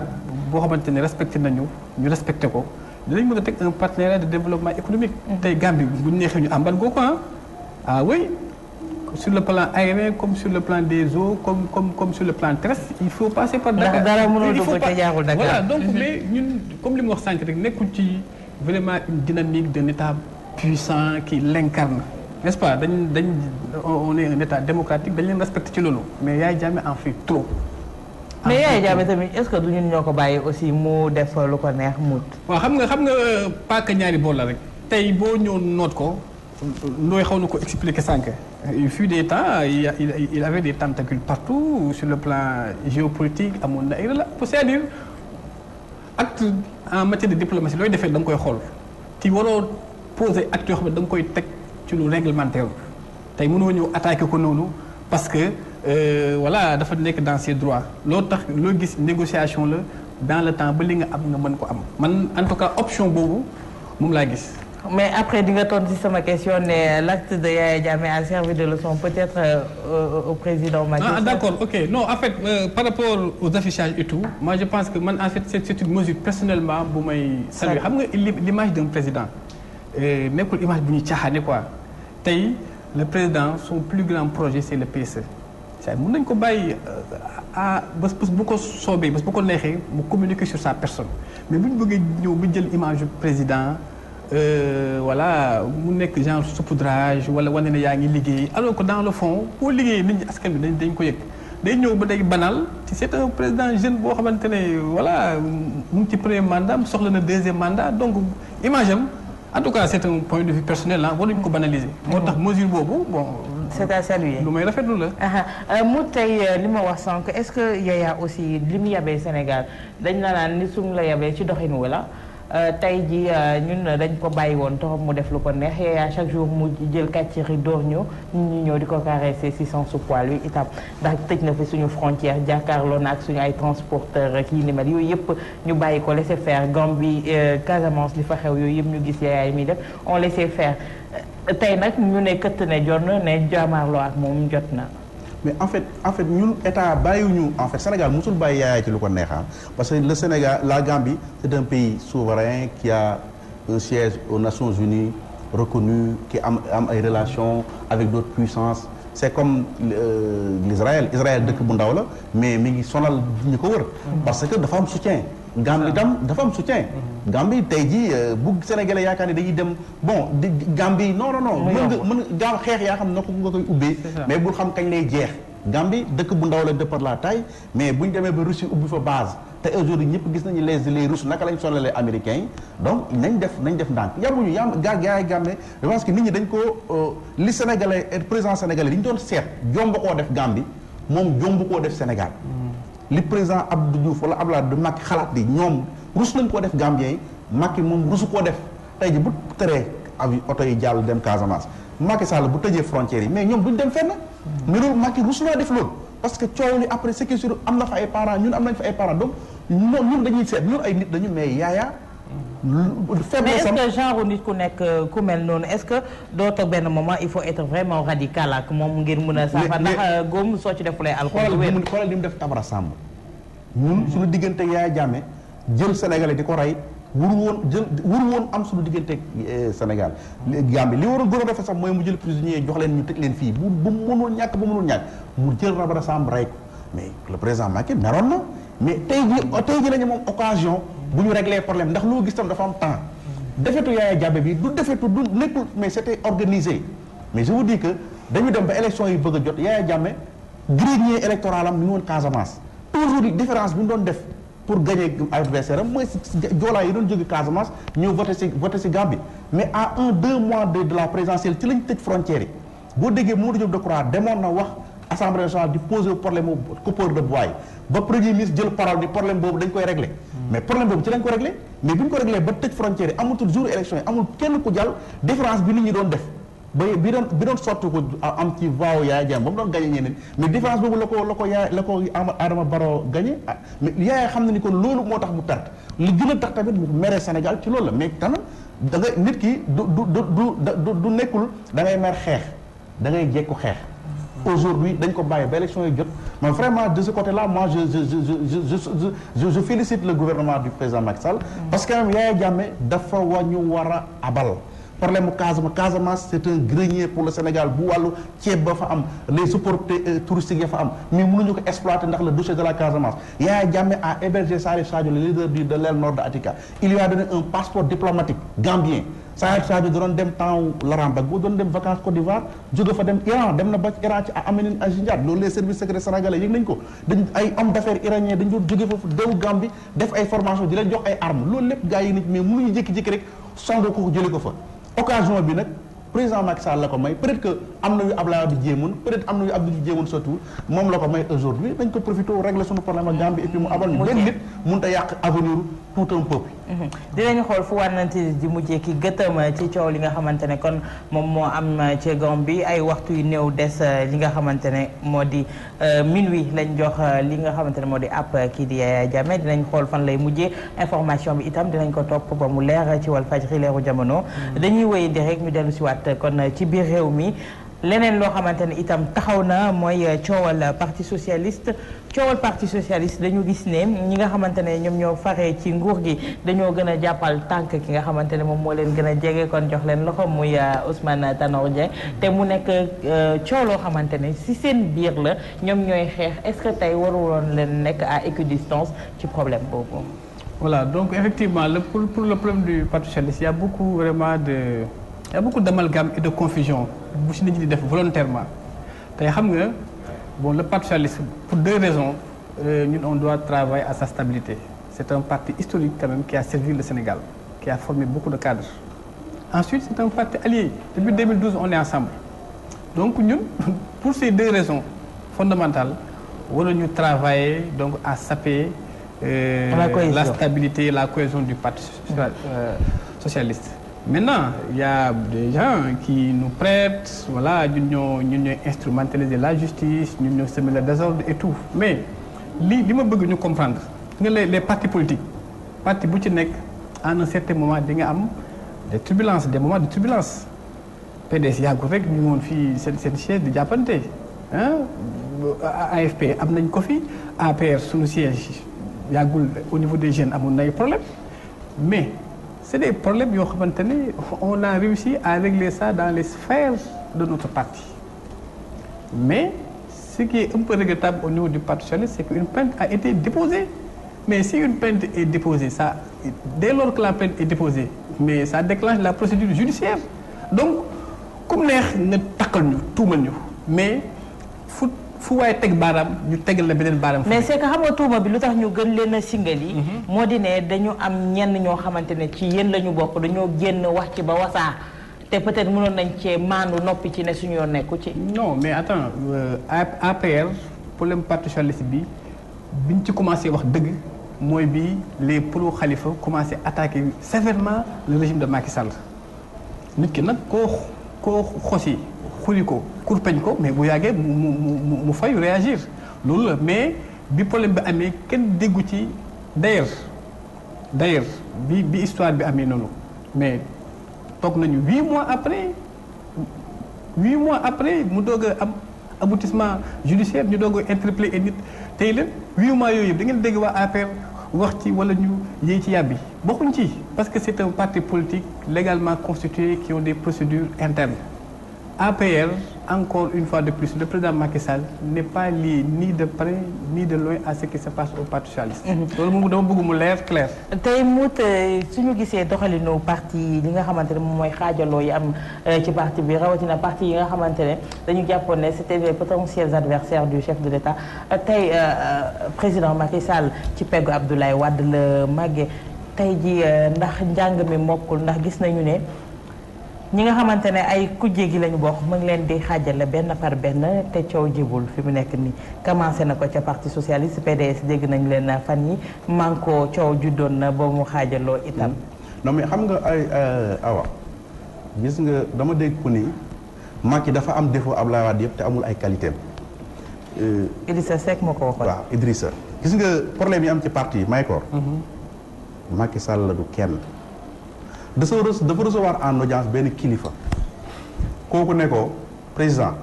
boo xamante ne respecté nañu ñu respecté ko dinañ mën a teg un partenariat de développement économique. Mm-hmm. tey Gambie bu ñu neexee ñu embargo ko ah. ah oui sur le plan aérien comme sur le plan des eaux comme comme comme sur le plan terrestre il faut passer par Dakar. dara mënoo dugg te jaarul Dakar voilà donc mm-hmm. mais ñun comme li mu wax sànq rek nekkul ci vraiment une dynamique d'un état puissant qui l'incarne n'est-ce pas dañ dañ on est un état démocratique dañ leen respecté ci loolu mais Yaya Jammeh en fait trop. mais Yaya Jammeh tamit est-ce que du ñun ñoo ko bàyyi aussi mu def lu ko neex muut. waaw xam nga xam nga paaka ñaari bool la rek. tey boo ñëw noot ko. ndooy xaw na ko expliquer sànq. il fut des temps il il avait des tentacules partout sur le plan géopolitique amoon na ay c'est-à-dire acte en matière de diplomatie looy defee da koy xool. ci waroo poser acte yoo xam da nga koy teg. ci lu réglementaire tey mënoo ñëw attaqué ko noonu parce que euh, voilà dafa nekk dans ses droits loo tax loo gis négotiation la dans le temps ba li nga am nga mën ko am man en tout cas option boobu moom laa gis. mais après di nga tontu ci sama question ne l'acte de Yaya Jammeh a servi de leçon peut-être euh, au président Macky ah, d'accord ok non en fait euh, par rapport aux affichages et tout je pense que man en fait c'est, c'est une mesure personnellement bu may. saluer xam nga l'image d'un président euh, nekkul image bu ñuy caaxaane quoi. tey le président son plus grand projet c'est le PSE saa mun nañ ko bàyyi ah bés bu ko soobee bés bu ko neexee mu communiquer sur sa personne mais bu ñu bëggee ñëw bu jël image président euh, voilà mu nekk genre saupoudrage wala wane ne yaa ngi liggéey alors que dans le fond boo liggéey nit ñi askan bi dañ dañ ko yëg day ñëw ba day banal ci c'est président jeune boo xamante ne voilà mu ngi ci premier mandat soxla na deuxième mandat donc image am en tout cas c' est un point de vue personnel ah waruñu ko banaliser. moo tax mesure boobu bon. c' à saluer lu may rafetlu la. (laughs) Euh, mu tey euh, li ma wax sànq est ce que Yaya aussi li mu yabee Sénégal dañ la naan ni su la yabee ci doxin la Euh, tey ji euh, ñun na dañ ko bàyyi woon trop mu def lu ko neex chaque jour mu jël kàcciri dóor ñu ñu ñëw di ko caresser si sans su poil yi itam ndax tëj na fi suñu frontière jàkkaarloo na ak suñu ay transporteur ak yi ni mel yooyu yëpp ñu bàyyi ko laisser faire Gambie euh, Casamance li fa xew yooyu yëpp ñu gis yaay mi def on laisser faire tey nag ñu ne këtt ne jonn ne jaamaarloo ak moom jot na mais en fait en fait ñun état bàyyiwuñu en fait Sénégal musul bàyyi yaaya ci lu ko neexaan ah. parce que le Sénégal la Gambie c'est un pays souverain qui a un siège aux Nations Unies reconnu qui am am ay relations avec d'autres puissances c'est comme euh, l'Israël Israël dëkk bu ndaw la mais mi ngi sonal ñu ko wër parce que dafa am soutien Gambie ah. tam dafa am soutien. Mm-hmm. Gambie tey jii euh, bu Sénégalais yaakaar ne dañuy dem bon di Gambie non non non. Mm-hmm. mën nga mën xeex yaa xam na ko nga koy ubbee. mais bul xam kañ lay jeex. gambi dëkk bu ndaw la de par la taille mais buñ demee ba Russie ubbi fa base te aujourd'hui ñëpp gis nañu les les Russes naka lañ sonalee américains yi donc nañ def nañ def ndànk yamuñu yam gaa gaa yi Gambie que nit ñi dañ ko euh, li sénégalais président sénégalais li ñu doon seet jomb koo def Gambie moom jomb koo def Sénégal. li président Abdou Diouf wala Abdoulaye du Macky xalaat di ñoom rus nañ koo def Gambien yi Macky moom rusu koo def tey ji bu teree avion oto yi jàll dem Casamance Macky Sall bu tëjee frontières yi mais ñoom duñ dem fenn. mais loolu Macky rus naa def loolu. parce que coow li après ce qui am na fa ay parent ñun am nañ fa ay parents donc ñun dañuy seet ñun ay nit dañu mais yaayaa. mais est-ce que genre nit ku nekk euh, ku mel noonu est-ce que doo benn moment il faut être vraiment radical ak moom ngir mën a saafara ndax euh, góom soo ci defulee alcool wér xoolal ni mu def Tabara Samb ñun suñu diggante Yaya Jammeh jël Sénégalais di ko rey wur woon jël wur woon am su suñu diggante euh, Sénégal Gambie li waroon gën a rafet mooy mu jël prisonnier jox leen ñu tëj leen fii bu bu mënul ñàkk bu mënul ñàkk mu jël Tabara Samb rey ko mais le président Macky meroon na mais tey jii tey jii la ñu moom occasion bu ñu régler problème ndax loo gis tam dafa am temps defetu Yaya Jammeh bi du defetu du nekkul mais c'était organisé mais je vous dis que dem ba élection yi bëgg jot Yaya Jammeh grenier woon Casamance toujours différence bi ñu doon def pour gagner adversaire am doon jóge Casamance ñëw voté si voté si Gambie mais à un deux mois de de la présidentielle ci lañ tëj frontière yi boo déggee Mamadou Diop Decroix demoon na wax assemblée nationale di poser problème coupeur de bois yi ba premier jël parole ni problème boobu dañ koy régler hmm. mais problème boobu ci lañ ko régler mais bu ñu ko régler ba tëj frontière yi amatul jour élection yi amul kenn ku jàll différence bi nit ñi doon def ba bi doon bi doon sotti ko am ci vaaw Yaya Jammeh ba mu doon gagné ñeneen mais différence boobu la ko la ko yaay la ko Adama Barrow gagné ah xam na ni kon loolu moo tax mu perte li gën a tax tamit mu mere ci loolu la mais kanam da ngay nit ki du du du du nekkul da ngay mer xeex da ngay jekku xeex aujourd'hui dañ ko bàyyi ba élection yi jot mais vraiment de ce côté là moi je je je je je je félicite le gouvernement du président Macky parce que même Yaya Jammeh dafa wàññi war a abal. problème mu Casamance Casamance c'est un grenier pour le Sénégal bu wàllu ceeb ba fa am les opportunités euh, touristiques ya fa am mais mënuñu ko exploiter ndax le dossier de la Casamance Yaya Jammeh a hébergé Salif Sadio le leader du de nord de Atika il lui a donné un passeport diplomatique gambien. Saher Sadio da doon dem temps Laurent Gbagbo doon dem vacances Côte d'Ivoire jóge fa dem Iran dem na ba Iran ci Améline Aginjad loolu les services secrets sénégalais yëg nañ ko dañ ay hommes d'affaires iraniens dañ doon jóge foofu déw Gambie def ay formation di leen jox ay armes loolu lépp gars yi nit bi nag président Macky Sall la ko may peut-être que am na yu Abdoulaye Wade jéemoon peut-être am na yu Abdou jéemoon surtout moom la ko may aujourd'hui dañ ko profité ñu xool fu wànnante ji mujjee ki gëtëm ci coow li nga xamante ne kon moom moo am ci Gambie bi ay waxtu yu néew des li nga xamante ne moo di euh, minuit lañ jox euh, li nga xamante ne moo di app kii di Yaya Jammeh dinañ xool fan lay mujje information bi itam dinañ ko topp ba mu leer ci Walfadjri leeru jamono mm. dañuy wéyandi rek ñu dellu si waat kon ci biir réew mi leneen loo xamante ne itam taxaw na mooy euh, coowal parti socialiste coowal parti socialiste dañu gis ne ñi nga xamante ne ñoom ñoo faree ci nguur gi dañoo gën a jàppal tànk ki nga xamante ne moom moo leen gën a jege kon jox leen loxo muy euh, Ousmane Tanor Dieng te mu nekk euh, coow loo xamante ne si seen biir la ñoom ñooy xeex est-ce que tey waruloon leen nekk à équidistance ci problème boobu. voilà donc effectivement le pour pour le problème du parti socialiste il y vraiment y a beaucoup d'amalgame et de confusion bu si nit ñi di def volontairement tey xam nga bon le parti socialiste pour deux raisons euh, ñun on doit travailler à sa stabilité c'est un parti historique quand même qui a servi le Sénégal qui a formé beaucoup de cadres ensuite c'est un parti allié depuis 2012 on est ensemble donc ñun (laughs) pour ces deux raisons fondamentales wala ñu travailler donc à saper euh, la, la stabilité la cohésion du parti euh, socialiste maintenant il y a des gens qui nous prêtent voilà ñun ñoo ñun ñooy instrumentaliser la justice ñun ñoo semer le désordre et tout mais li li ma bëgg ñu comprendre nga les les partis politiques parti bu ci nekk à un certain moment di nga am des turbulences des moments de turbulence PDS yàggul rek ñu woon fii seen seen siège di jàppante ah AFP am nañ ko fi APR suñu siège yàggul au niveau des jeunes amoon na ay problème mais c'est des problèmes yoo xamante ne on a réussi à régler ça dans les sphères de notre parti mais ce qui est un peu regrettable au niveau du parti socialiste c'est qu'une plainte a été déposée mais si une plainte est déposée ça dès lors que la plainte est déposée mais ça déclenche la procédure judiciaire donc ku neex na takkal ñu tuumal ñu mais fu waaye teg baaraam ñu teg la beneen baaraam. mais c'est que xam tuuma bi lu tax ñu gën leen a singal yi. Mhm. moo di ne dañu am ñenn ñoo xamante ne ci yéen la ñu bokk dañoo génn wax ci ba wasaa te peut-être mënoon nañ cee maandu noppi ci ne suñu yoon nekku ci. non mais attends euh, APR problème parti socialiste bi biñ ci commencé wax dëgg mooy bi les pro xalifa commencé attaque sévèrement le régime de Macky Sall nit ki nag koo koo xosi. xuli ko kurpeñ ko mais bu yàggee mu mu mu mu fay réagir loolu la mais bi problème bi amee kenn déggu ci d'ailleurs d'ailleurs bi bi histoire bi amee noonu mais toog nañu huit mois après huit mois après mu doog a am aboutissement judiciaire ñu doog a interpellé et nit tey huit mois yooyu yëpp da ngeen dégg waa APR wax ci wala ñu yéey ci yàbbi bokkuñ ci parce que c'est un parti politique légalement constitué qui ont des procédures internes APR encore une fois de plus le président Macky Sall n'est pas lié ni de près ni de loin à ce qui se passe au parti socialiste. Mhm. loolu moom dama bëgg mu leer clair. tey Mout euh, su ñu gisee doxalinu parti yi nga xamante ne moom mooy xaajaloo yi am euh, ci parti bi rawatina parti yi nga xamante ne dañu jàppoon ne c'était les potentiels adversaires du chef de l'État euh, tey président Macky ci peggu Abdoulaye Wade la màggee tey ji ndax njàng mi mokkul ndax gis nañu ne. ñi nga xamante ne ay kujje gi lañu bokk mu ngi leen di xaajale benn par benn te coow jibul fi mu nekk nii commencé na ko ca parti socialiste PDS dégg nañ leen fan yi manko coow juddoon na ba mu xaajaloo itam hmm. non mais xam nga ay euh, awa gis nga dama dégg ko ni Macky dafa am défaut Abdoulaye Wade yëpp te amul ay qualité am euh, Idrissa Seck moo ko waxoon waaw gis nga problème yi am ci parti yi may koor mm-hmm. Macky Sall la du kenn dafa dafa recevoir en benn kilifa kooku ne ko président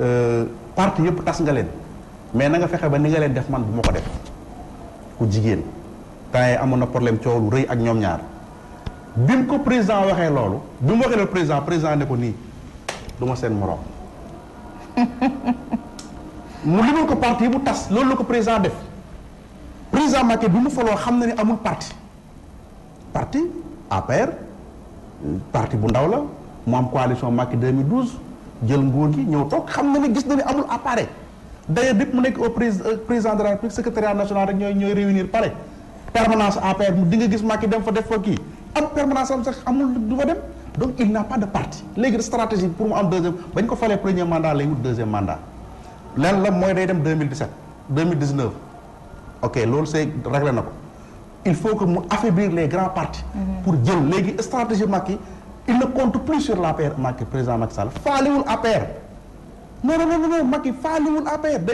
euh, parti yëpp tas nga leen mais na nga fexe ba ni nga leen def man bu ma ko def ku jigéen temps yi amoon na problème coow lu rëy ak ñoom ñaar bi mu ko président waxee loolu bi mu waxee loolu président président ne ko nii du ma seen morom (laughs) mu limal ko parti bu tas loolu la ko président def président Macky bi mu faloo xam na ne amul parti parti APR parti bu ndaw la mu am coalition Macky 2012 jël nguur gi ñëw toog xam na ne gis na ne amul appareil d'ailleurs bépp mu nekk au euh, président de la République secrétariat national rek ñooy ñooy réunir pare permanence APR di nga gis Macky dem fa def fa kii am permanence am sax amul du fa dem donc il n'a pas de parti léegi stratégie pour mu am deuxième ba ko falee premier mandat lay wut deuxième mandat lenn la mooy day dem 2017 2019 ok loolu c'est réglé na ko il faut que mu affaiblir les grands partis. Mhm. pour jël léegi stratégie Macky il ne compte plus sur l'APR Macky président Macky Sall faaliwul APR non non non non Macky faaliwul APR da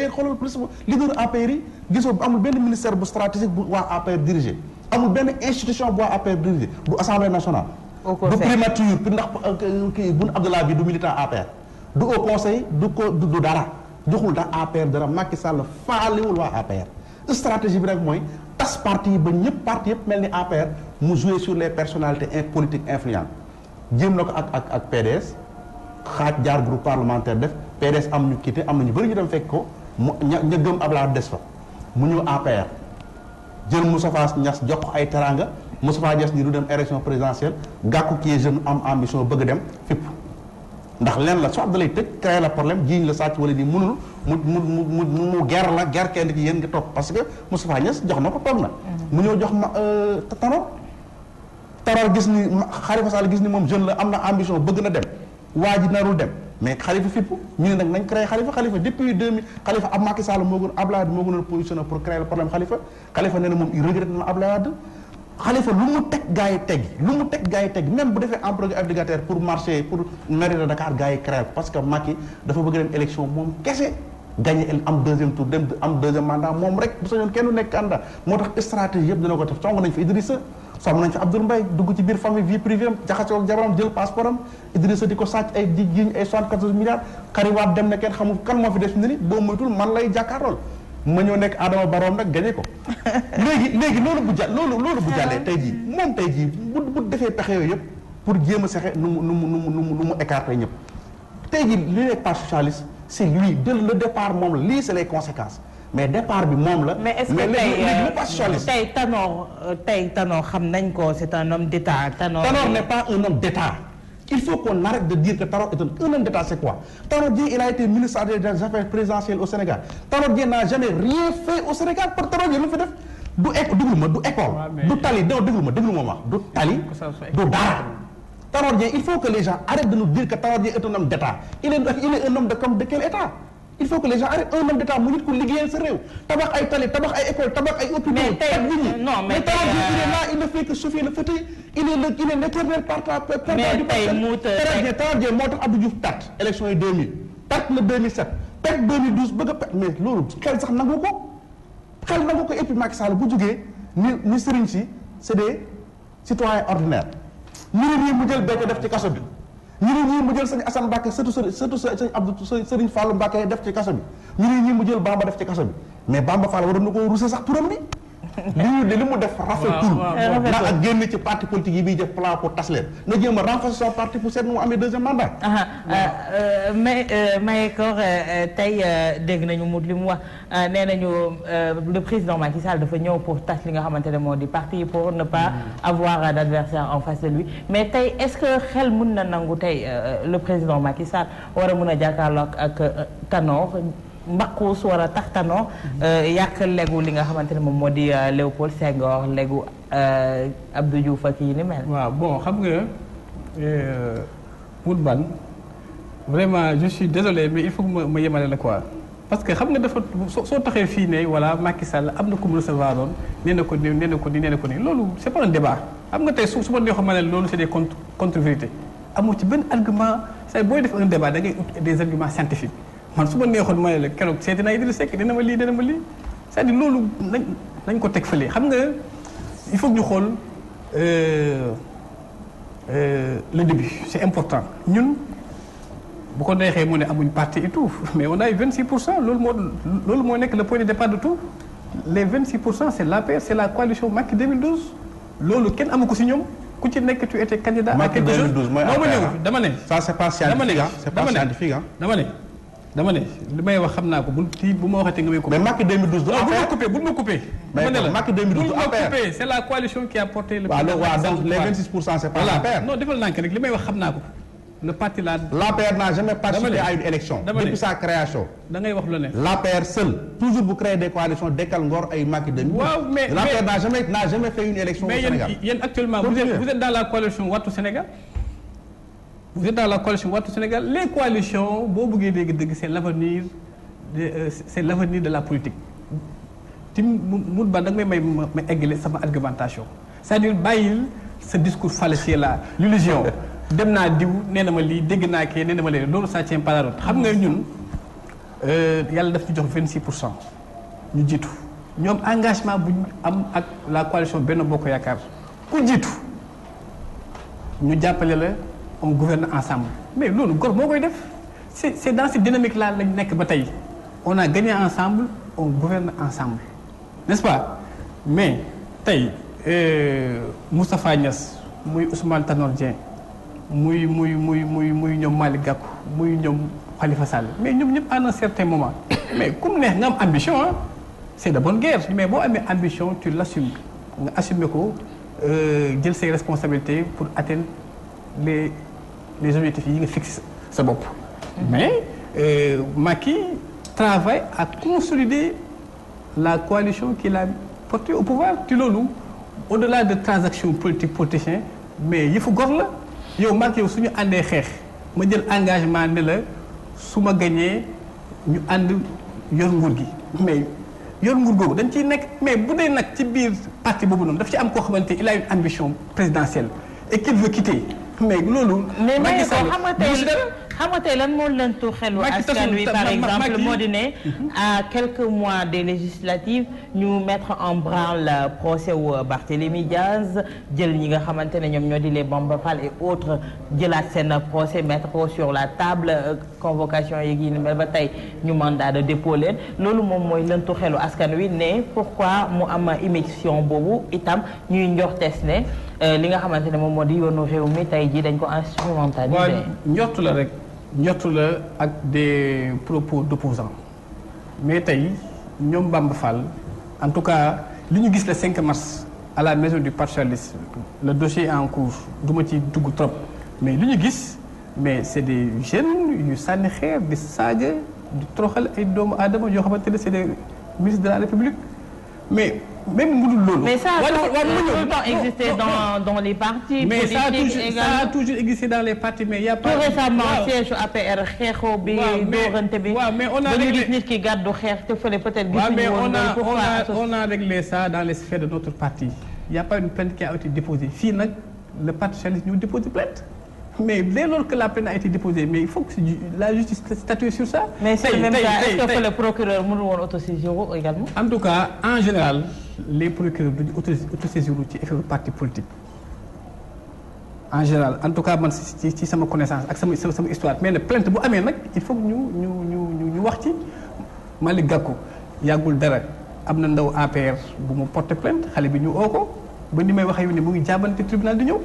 ngeen gisoo amul benn ministère bu bu waa APR dirigé amul benn institution bu waa APR dirigé du assemblée nationale. au conseil bi euh, du militant APR du au conseil du ko du dara joxul da dara Macky Sall faaliwul waa APR stratégie bi rek mooy. tas parti yi ba ñëpp parti yëpp mel ni APR mu jouer sur les personnalités politiques influentes jéem na ko ak ak ak PDS xaaj jaar groupe parlementaire def PDS am ñu quitté am na ñu bëri ñu dem fekk ko mu ña ña gëm Ablaye des fa mu ñëw APR jël Moustapha Niass jox ko ay teraanga Moustapha Niass ni du dem élection présidentielle gàkku kii jeune am ambition bëgg dem fipp ndax len la soit dalay tëj créé la problème jiiñ la sàcc wala ni mënul mu mu mu mu mu ger la ger kenn ki yéen nga toog parce que Moustapha Niass jox na ko toog na. mu ñëw jox ma euh, Tanor. Tanor gis ni Khalifa Sall gis ni moom jeune la am na ambition bëgg na dem waa ji narul dem. mais xalifa fippu ñu ne nag nañ créé xalifa xalifa depuis 2000 xalifa ab Macky Sall moo gën Ablaye Wade moo gënoon positionné pour créer le problème xalifa xalifa nee na xalifa lu mu teg gars yi teg lu mu teg gars yi teg même bu defee emprunt obligataire pour marché pour mairie de Dakar yi créé parce que Macky dafa bëgg dem élection moom kese gagné tour dem am deuxième mandat moom rek bu sañoon kenn nekk candidat moo tax stratégie yëpp dina ko def song nañ fa Idrissa song nañ fa Abdoul Mbaye dugg ci biir famille vie privée am jaxasoo ak jabaram jël passeport am Idrissa di ko sàcc ay di jiñ ay 74 milliards Karim dem na kenn xamul kan moo fi def ni boo moytul man lay jàkkaarlool ma ñëw nekk Adama Barom nag gañe ko (laughs) léegi léegi loolu bu jàll loolu loolu bu ah. jàllee tey jii moom tey jii bu bu defee pexe yooyu yëpp pour jéem a sexe nu mu nu mu nu mu nu mu écarter ñëpp tey jii li nekk parti socialiste c'est lui dès le départ moom la lii c'est les conséquences mais départ bi moom la. mais est-ce que tey euh, tey Tanor euh, tey Tanor xam nañ ko c'est un homme d'État. Tanor n'est pas un homme d'État. Il faut qu'on arrête de dire que Tanor est un homme d'État, c'est quoi? Tanor Dieng, il a été ministre des affaires présidentielles au Sénégal. Tanor Dieng n'a jamais rien fait au Sénégal pour Tanor Dieng lu mu fi def du école déglu ma du école du tali non déglu ma déglu ma wax du tali du dara Tanor Dieng il faut que les gens arrêtent de nous dire que Tanor Dieng est un homme d'État il est il est un homme de comme de quel État il faut que les gens arrêtent un homme d'état mu nit ku liggéeyal sa réew tabax ay tali tabax ay école tabax ay hôpitaux ak nit ñi non mais tey là euh, il ne fait que chauffer le fauteuil il est le il est l'éternel partant partant du parti très bien très bien moo tax Abdou Diouf tat élection yi 2000 tat le 2007 pet 2012 bëgg a pet mais loolu xel sax nangu ko xel nangu ko et puis Macky Sall bu jugee ni ni sëriñ si c'est des citoyens ordinaires ñu ne nii mu jël béykat def ci kaso bi ñu ne ñii mu jël sëñ Assane Mbacke surtout surtout sëñ Abdou sëriñ Fallou Mbacke def ci kaso bi ñu ne ñii mu jël Bamba def ci kaso bi mais Bamba Fall waroon na koo rusé sax turam bi lii de li mu def rafetul ndax ak génn ci parti politique yi biy def plan pour tas na jéem a renforcer son parti pour seet nu mu amee deuxième mandat euh, euh, mais euh, Mayakor tey dégg nañu mu li mu wax nee nañu le président Macky Sall dafa ñëw pour tas li nga xamante ne moo di parti pour ne pas mm. avoir d'adversaire en face de lui mais tey est-ce que xel mun na nangu tey le président Macky Sall war a mun a jàkkaarloo ak Tanor mbakkuus war a taxtanoo euh, yàq legu li nga xamante ne moom moo di euh, Léopold Senghor legu euh, Abdou Diouf ak yi ni mel. waaw bon xam nga pour man vraiment je suis désolé mais il faut ma yemale la quoi. parce que xam nga dafa soo taxee fii ne voilà Macky Sall am na ku mu recevoir woon nee na ko nii nee na ko nii na ko nii loolu c' est débat xam nga tey su su ma neexoon loolu c' est contre contre vérité amoo ci benn argument c' est booy def un débat da ngay ut man su ma neexoon ma ne la keroog seeti naa Idrissa Seck dina ma lii dina ma lii cest à loolu nañ nañ ko teg fële xam nga il faut que ñu xool euh, euh, le début c'est important ñun bu ko neexee mu ne amuñ (laughs) moo nekk le point de départ de tout les 26 pour cent c'est l'APR c'est la coalition Macky loolu kenn amu si ñoom ku ci nekk tu étais candidat à quelque chose non ma ñëw dama ne ça c'est pas scientifique dama ne dama ne dama ne li may wax xam naa ko bu ti bu ma waxatee nga may coupé. mais Macky 2012 du affaire bu ma coupé bu ma coupé. dama ne la Macky 2012 du affaire bu ma coupé c'est la coalition qui a porté le. waaw waaw donc les 26 pour cent c'est pas l'affaire. non defal naa ko rek li may wax xam naa ko. le parti là. L'APR n'a jamais participé à une élection. depuis sa création. da ngay wax lu ne. L'APR seul toujours bu créer des coalitions dekkal ngor ay Macky 2012. waaw mais mais L'APR n'a jamais n'a jamais fait une élection au Sénégal. mais yéen yéen actuellement. vous êtes dans la coalition Wattu Sénégal. vous êtes la coalition Wattu Sénégal les coalitions boo bëggee dégg-dégg c' est l' avenir de euh, est l' avenir de la politique tim mun ban nag may may ma eggale sama argumentation cest à bàyyil sa discours fallacieux la l'illusion dem naa diw nee na ma lii dégg naa kee nee na ma lee loolu ça tient pas xam nga ñun euh, yàlla daf ñu jox 26 pour cent ñu jiitu ñoom engagement bu ñu am ak la coalition Benno Bokk Yaakaar ku jiitu ñu jàppale la on gouverne ensemble mais loolu góor moo koy def c'est c'est dans cette dynamique là lañ nekk ba tey on a gagné ensemble on gouverne ensemble n'est-ce pas mais tey euh, Moustapha Niass muy Ousmane Tanor Dieng muy muy muy muy muy ñoom Malick Gakou muy ñoom Khalifa mais ñoom ñëpp à un certain moment (coughs) mais ku mu neex nga am ambition c'est de bon guerre mais boo amee ambition tu l'assumes nga assumer ko euh, jël ses responsabilités pour atteindre les les objectifs yi nga fixe sa bopp. mais euh, Macky travaille à consolider la coalition qu'il la portée au pouvoir ci loolu au-delà de transactions politiques politiciens mais yëfu gor la yow Macky yow suñu àndee xeex ma jël engagement ne la su ma gañee ñu ànd yor nguur gi mais yor nguur googu dañ ciy nekk mais bu dee nag ci biir parti boobu noonu daf ci am koo xamante il a une ambition présidentielle et qu'il quitter mais loolu. Macky Sall mais xam tey lan moo leen xelu askan wi par exemple moo di ne (laughs) à quelques mois des législatives ñu mettre en branle procès wu Barthélémy Diaz jël ñi nga xamante ne ñoom ñoo di les Bamba Fall et autres jëlaat seen procès mettre sur la table euh, convocation yeeg yi ni mel ba tey ñu mandat de dépôt leen loolu moom mooy leen tuur xelu askan wi ne pourquoi mu am immixtion boobu itam ñuy njortees ne Euh, li nga xamante ne moom moo di yoonu réew mi tey jii dañ ko instrumentalisé. waaw njortu la rek njortu la ak des propos d'opposants mais tey ñoom Bamba Fall en tout cas li ñu gis le 5 mars à la maison du Parti socialiste le dossier en cours duma ci dugg trop mais li ñu gis mais c'est des jeunes yu sànni xeer di saaja di toroxal ay doomu adama yoo xamante ne c'est des ministres de la République mais. même mu dul loolu. mais ça a toujours existé dans les partis. mais ça a toujours a pas récemment siège APR xeexoo bi. dóorante bi waaw mais on a réglé ba ki gàddu xeex te fële peut-être. gis mais on a a dans les sphères de notre parti. y' a pas une plainte qui a été déposée fii nag le parti socialiste ñu déposé plainte. mais dès loolu que la plainte a été déposée mais il faut que la justice statue sur ça. mais c'est le cas que le procureur mënul woon autosaisir également. en tout cas en général les procureurs duñu autosaisir ci effet parti politique. en général en tout cas man ci ci sama connaissance ak sama sama histoire mais nag plainte bu amee nag il faut ñu ñu ñu ñu wax ci Malick Gakou yàggul dara am na ndaw APR bu mu porté plainte xale bi ñu oo ko ba ni may waxee yow ne mu ngi jaabante tribunal di ñëw.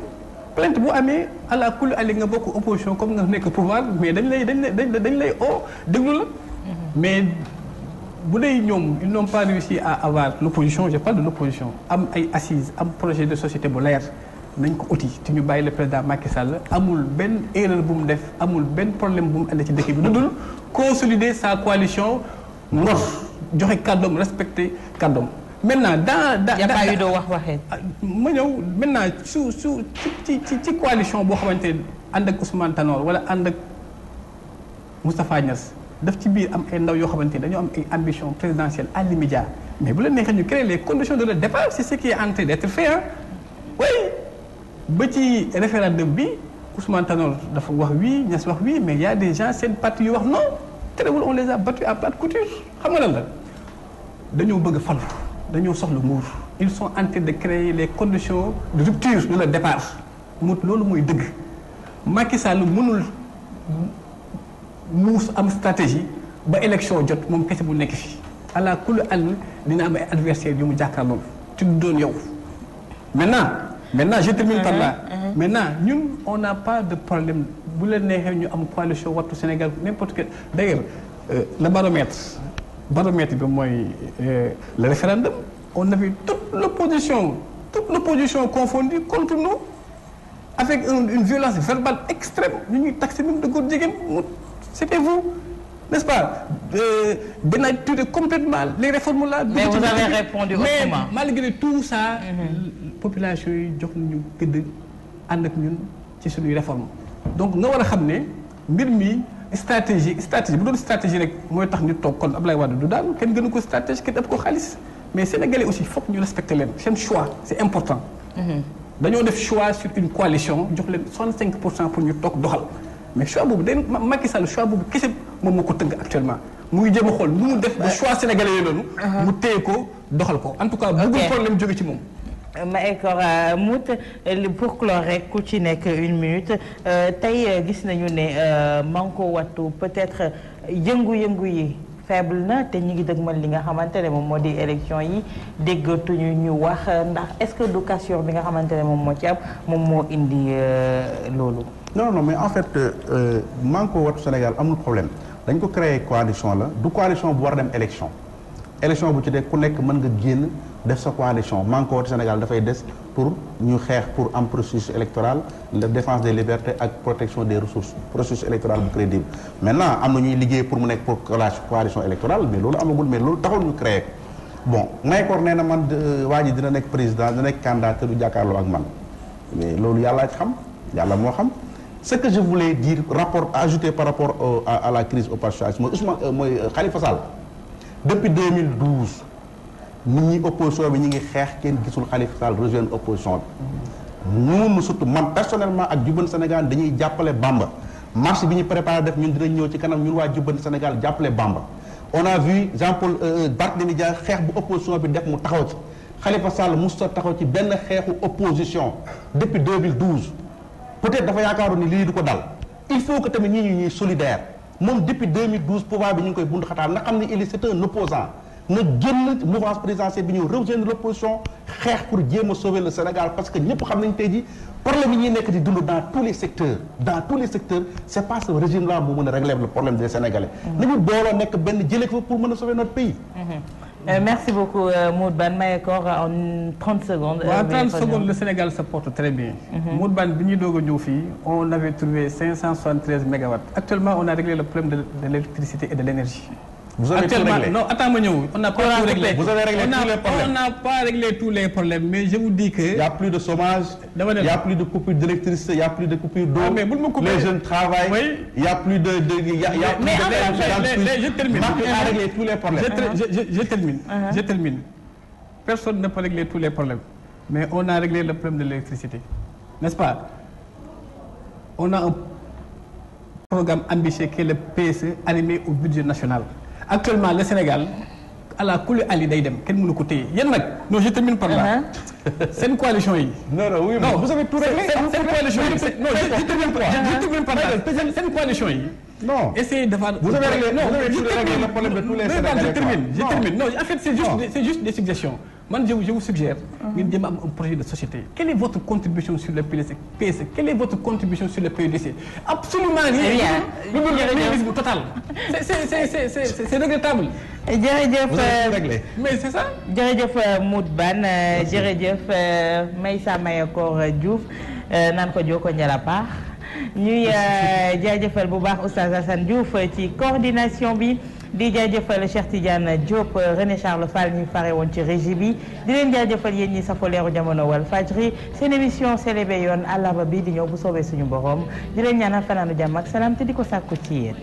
plainte bu amee àla kul ali nga bokk opposition comme nga nekk pouvoir mais dañ lay dañ lay dañ lay o déglu la mhm. mais bu dee ñoom ils n'ont pas réussi à avoir l'opposition je parle de l'opposition am ay assises am projet de société bu leer nañ ko uti te ñu bàyyi le président Macky Sall amul benn erreur bu mu def amul benn problème bu mu andi ci dëkk bi dudul consolider sa coalition ngor joxe kàddoom respecte kàddoom maintenant dans dans. yaa ngi wax waxee. Ah, ma ñëw maintenant su su ci ci ci boo xamante ne ànd ak Ousmane Tanor wala ànd ak Moustapha Niass ci biir am ay ndaw yoo xamante ne dañoo am ay ambition présidentielle à mais bu la neexee ñu créer les condition de le départ c'est ce qui est en train ba ci référendum bi Ousmane Tanor dafa wax oui Niass wax oui mais ya a des gens seen parti yu wax non terewul on les a battus à plate couture xam nga lan la dañoo bëgg a falu. dañoo soxla nguur ils sont en de créer les conditions de rupture de la départ mu loolu mooy dëgg Macky Sall mënul muus am stratégie ba élection jot moom kese bu nekk fi ala kulli àll dina am ay adversaires yu mu jàkkaarloo ci du doon yow maintenant maintenant je termine par là uh-huh, uh-huh. maintenant ñun on n'a pas de problème bu leen neexee ñu am coalition wattu Sénégal n'importe quel d'ailleurs euh, le baromètre baromètre bi mooy euh, le référendum on avait toute l'opposition toute l'opposition confondue contre nous avec une, une violence verbale extrême ñu ñuy taxé même de góor jigéen mu c'était vous n'est-ce pas euh, dénaturer complètement les réformes là. mais vous avez répondu autrement tout ça. Mm yi jox nañu gëdd ànd ak ñun ci suñuy réforme donc nga war a xam ne mbir mi. stratégie stratégie bu doon stratégie rek mooy tax nit toog kon Ablaye Wade du daanu kenn gënu ko stratégie kenn ëpp ko xaalis mais sénégalais aussi foog ñu respecté leen seen choix c'est important. Mhm. dañoo def choix sur une coalition jox leen pour cent pour ñu toog doxal mais choix boobu day Macky choix boobu kese moom moo ko tënk actuellement mu ngi jéem a xool mu def ba choix sénégalais yi noonu. Uh-huh. mu téye ko doxal ko en tout cas. bëggul problème jóge ci moom. Mahécor euh, Mout euh, pour clore rek ku ci nekk une minute euh, tey gis nañu ne manko wattu peut-être yëngu-yëngu yi faible na te ñu ngi man li nga xamante ne moom moo di élection yi déggatuñu ñu wax ndax est-ce que du cassure bi nga xamante ne moom moo ci am moom moo indi loolu. non non mais en fait euh, manko wattu Sénégal amul na problème dañ ko créer coalition la du coalition bu war dem élection élection bu ci dee ku nekk mën nga génn. def sa coalition Manko Sénégal dafay des pour ñu xeex pour am processus électoral la défense des libertés ak protection des ressources processus électoral bu crédible maintenant am na ñuy liggéey pour mu nekk pour coalition électorale mais loolu amagul mais loolu taxul ñu créer bon na man euh, waa ji dina nekk président dina nekk candidat te du jàkkaarloo ak man mais loolu yàllaa ci xam yàlla moo xam ce que je voulais dire rapport ajouté par rapport à la crise au passage mooy euh, euh, nit ñi opposition bi ñu ngi xeex kenn gisul Khalifa Sall rejoindre opposition bi. ñun surtout man personnellement ak Jubbanti Sénégal dañuy jàppale Bamba. marche bi ñu préparé def ñu ñun dinañ ñëw ci kanam ñun waa Jubbanti Sénégal jàppale Bamba. on a vu Jean-Paul euh, euh, Barthélémy Dias xeex bu opposition bi def mu taxaw ci. Khalifa Sall mosut a taxaw ci benn xeexu opposition depuis 2012 peut-être dafa yaakaaroon ni lii du ko dal il faut que tamit ñii ñuy solidaire moom depuis 2012 pouvoir bi ñu ngi koy bund nga xam ne il c'est un na génn mouvance présidentielle bi ñëw rejoindre l'opposition xeex pour jéem sauver le Sénégal parce que ñëpp xam nañ tey ji problème yi ñuy nekk di dund dans tous les secteurs dans tous les secteurs c' pas régime là moo mën a régler le problème des Sénégalais mm-hmm. nañu booloo nekk benn jëlee ko pour mën a sauver notre pays mm-hmm. Euh, merci euh, may encore en 30 secondes. Euh, le Sénégal se porte très bien. Mm-hmm. Maud Bane bi ñuy doog a ñëw fii on avait trouvé 573 mégawatts vous avez tout réglé non attends ma ñëw on n'a pas tout réglé tous les problèmes mais je vous dis que. il y a plus de chômage. dama ne il y a plus de coupure d'électricité il y a plus de coupure d'eau. Ah, mais les jeunes travaillent. je termine. personne n'a pas réglé tous les problèmes mais on a réglé le problème de l'électricité n'est-ce pas on a un programme ambitieux qui le PSE animé au budget national. actuellement le Sénégal ala kuli ali day dem kenn mënu ko téye yéen nag. non je termine par là. Uh-huh. seen coalition yi. non non oui non vous avez tout réglé. seen coalition yi non je termine par là je termine par là seen coalition yi. non essayez de faire. vous avez réglé vous avez tout réglé le problème de tous les Sénégalais. je termine je termine non en fait c'est juste c'est juste des suggestions. man je je vous suggère. ngeen jéem a am un projet de société. quelle est votre contribution sur le PSE quelle est votre contribution sur le PUDC. absolument rien lu dul nihilisme total. c'est c'est c'est c'est c'est regrettable. jërëjëf euh, mais c'est ça. jërëjëf euh, Mout Ban euh, jërëjëf Maysa Mayakoor Diouf naan ko Joko Njala Paax ñuy jaajëfal bu baax Oustaz Assane Diouf ci coordination bi. di jaajëfal Cheikh Tidiane Diop René Charles Fall ñu fare woon ci régi bi di leen jaajëfal yéen ñi sa leeru jamono wal fajri seen émission célébé yoon àllaba bi di ñëw bu soobee suñu borom di leen ñaanal fanaanu jàmm ak salaam te di ko sàkku ci yéen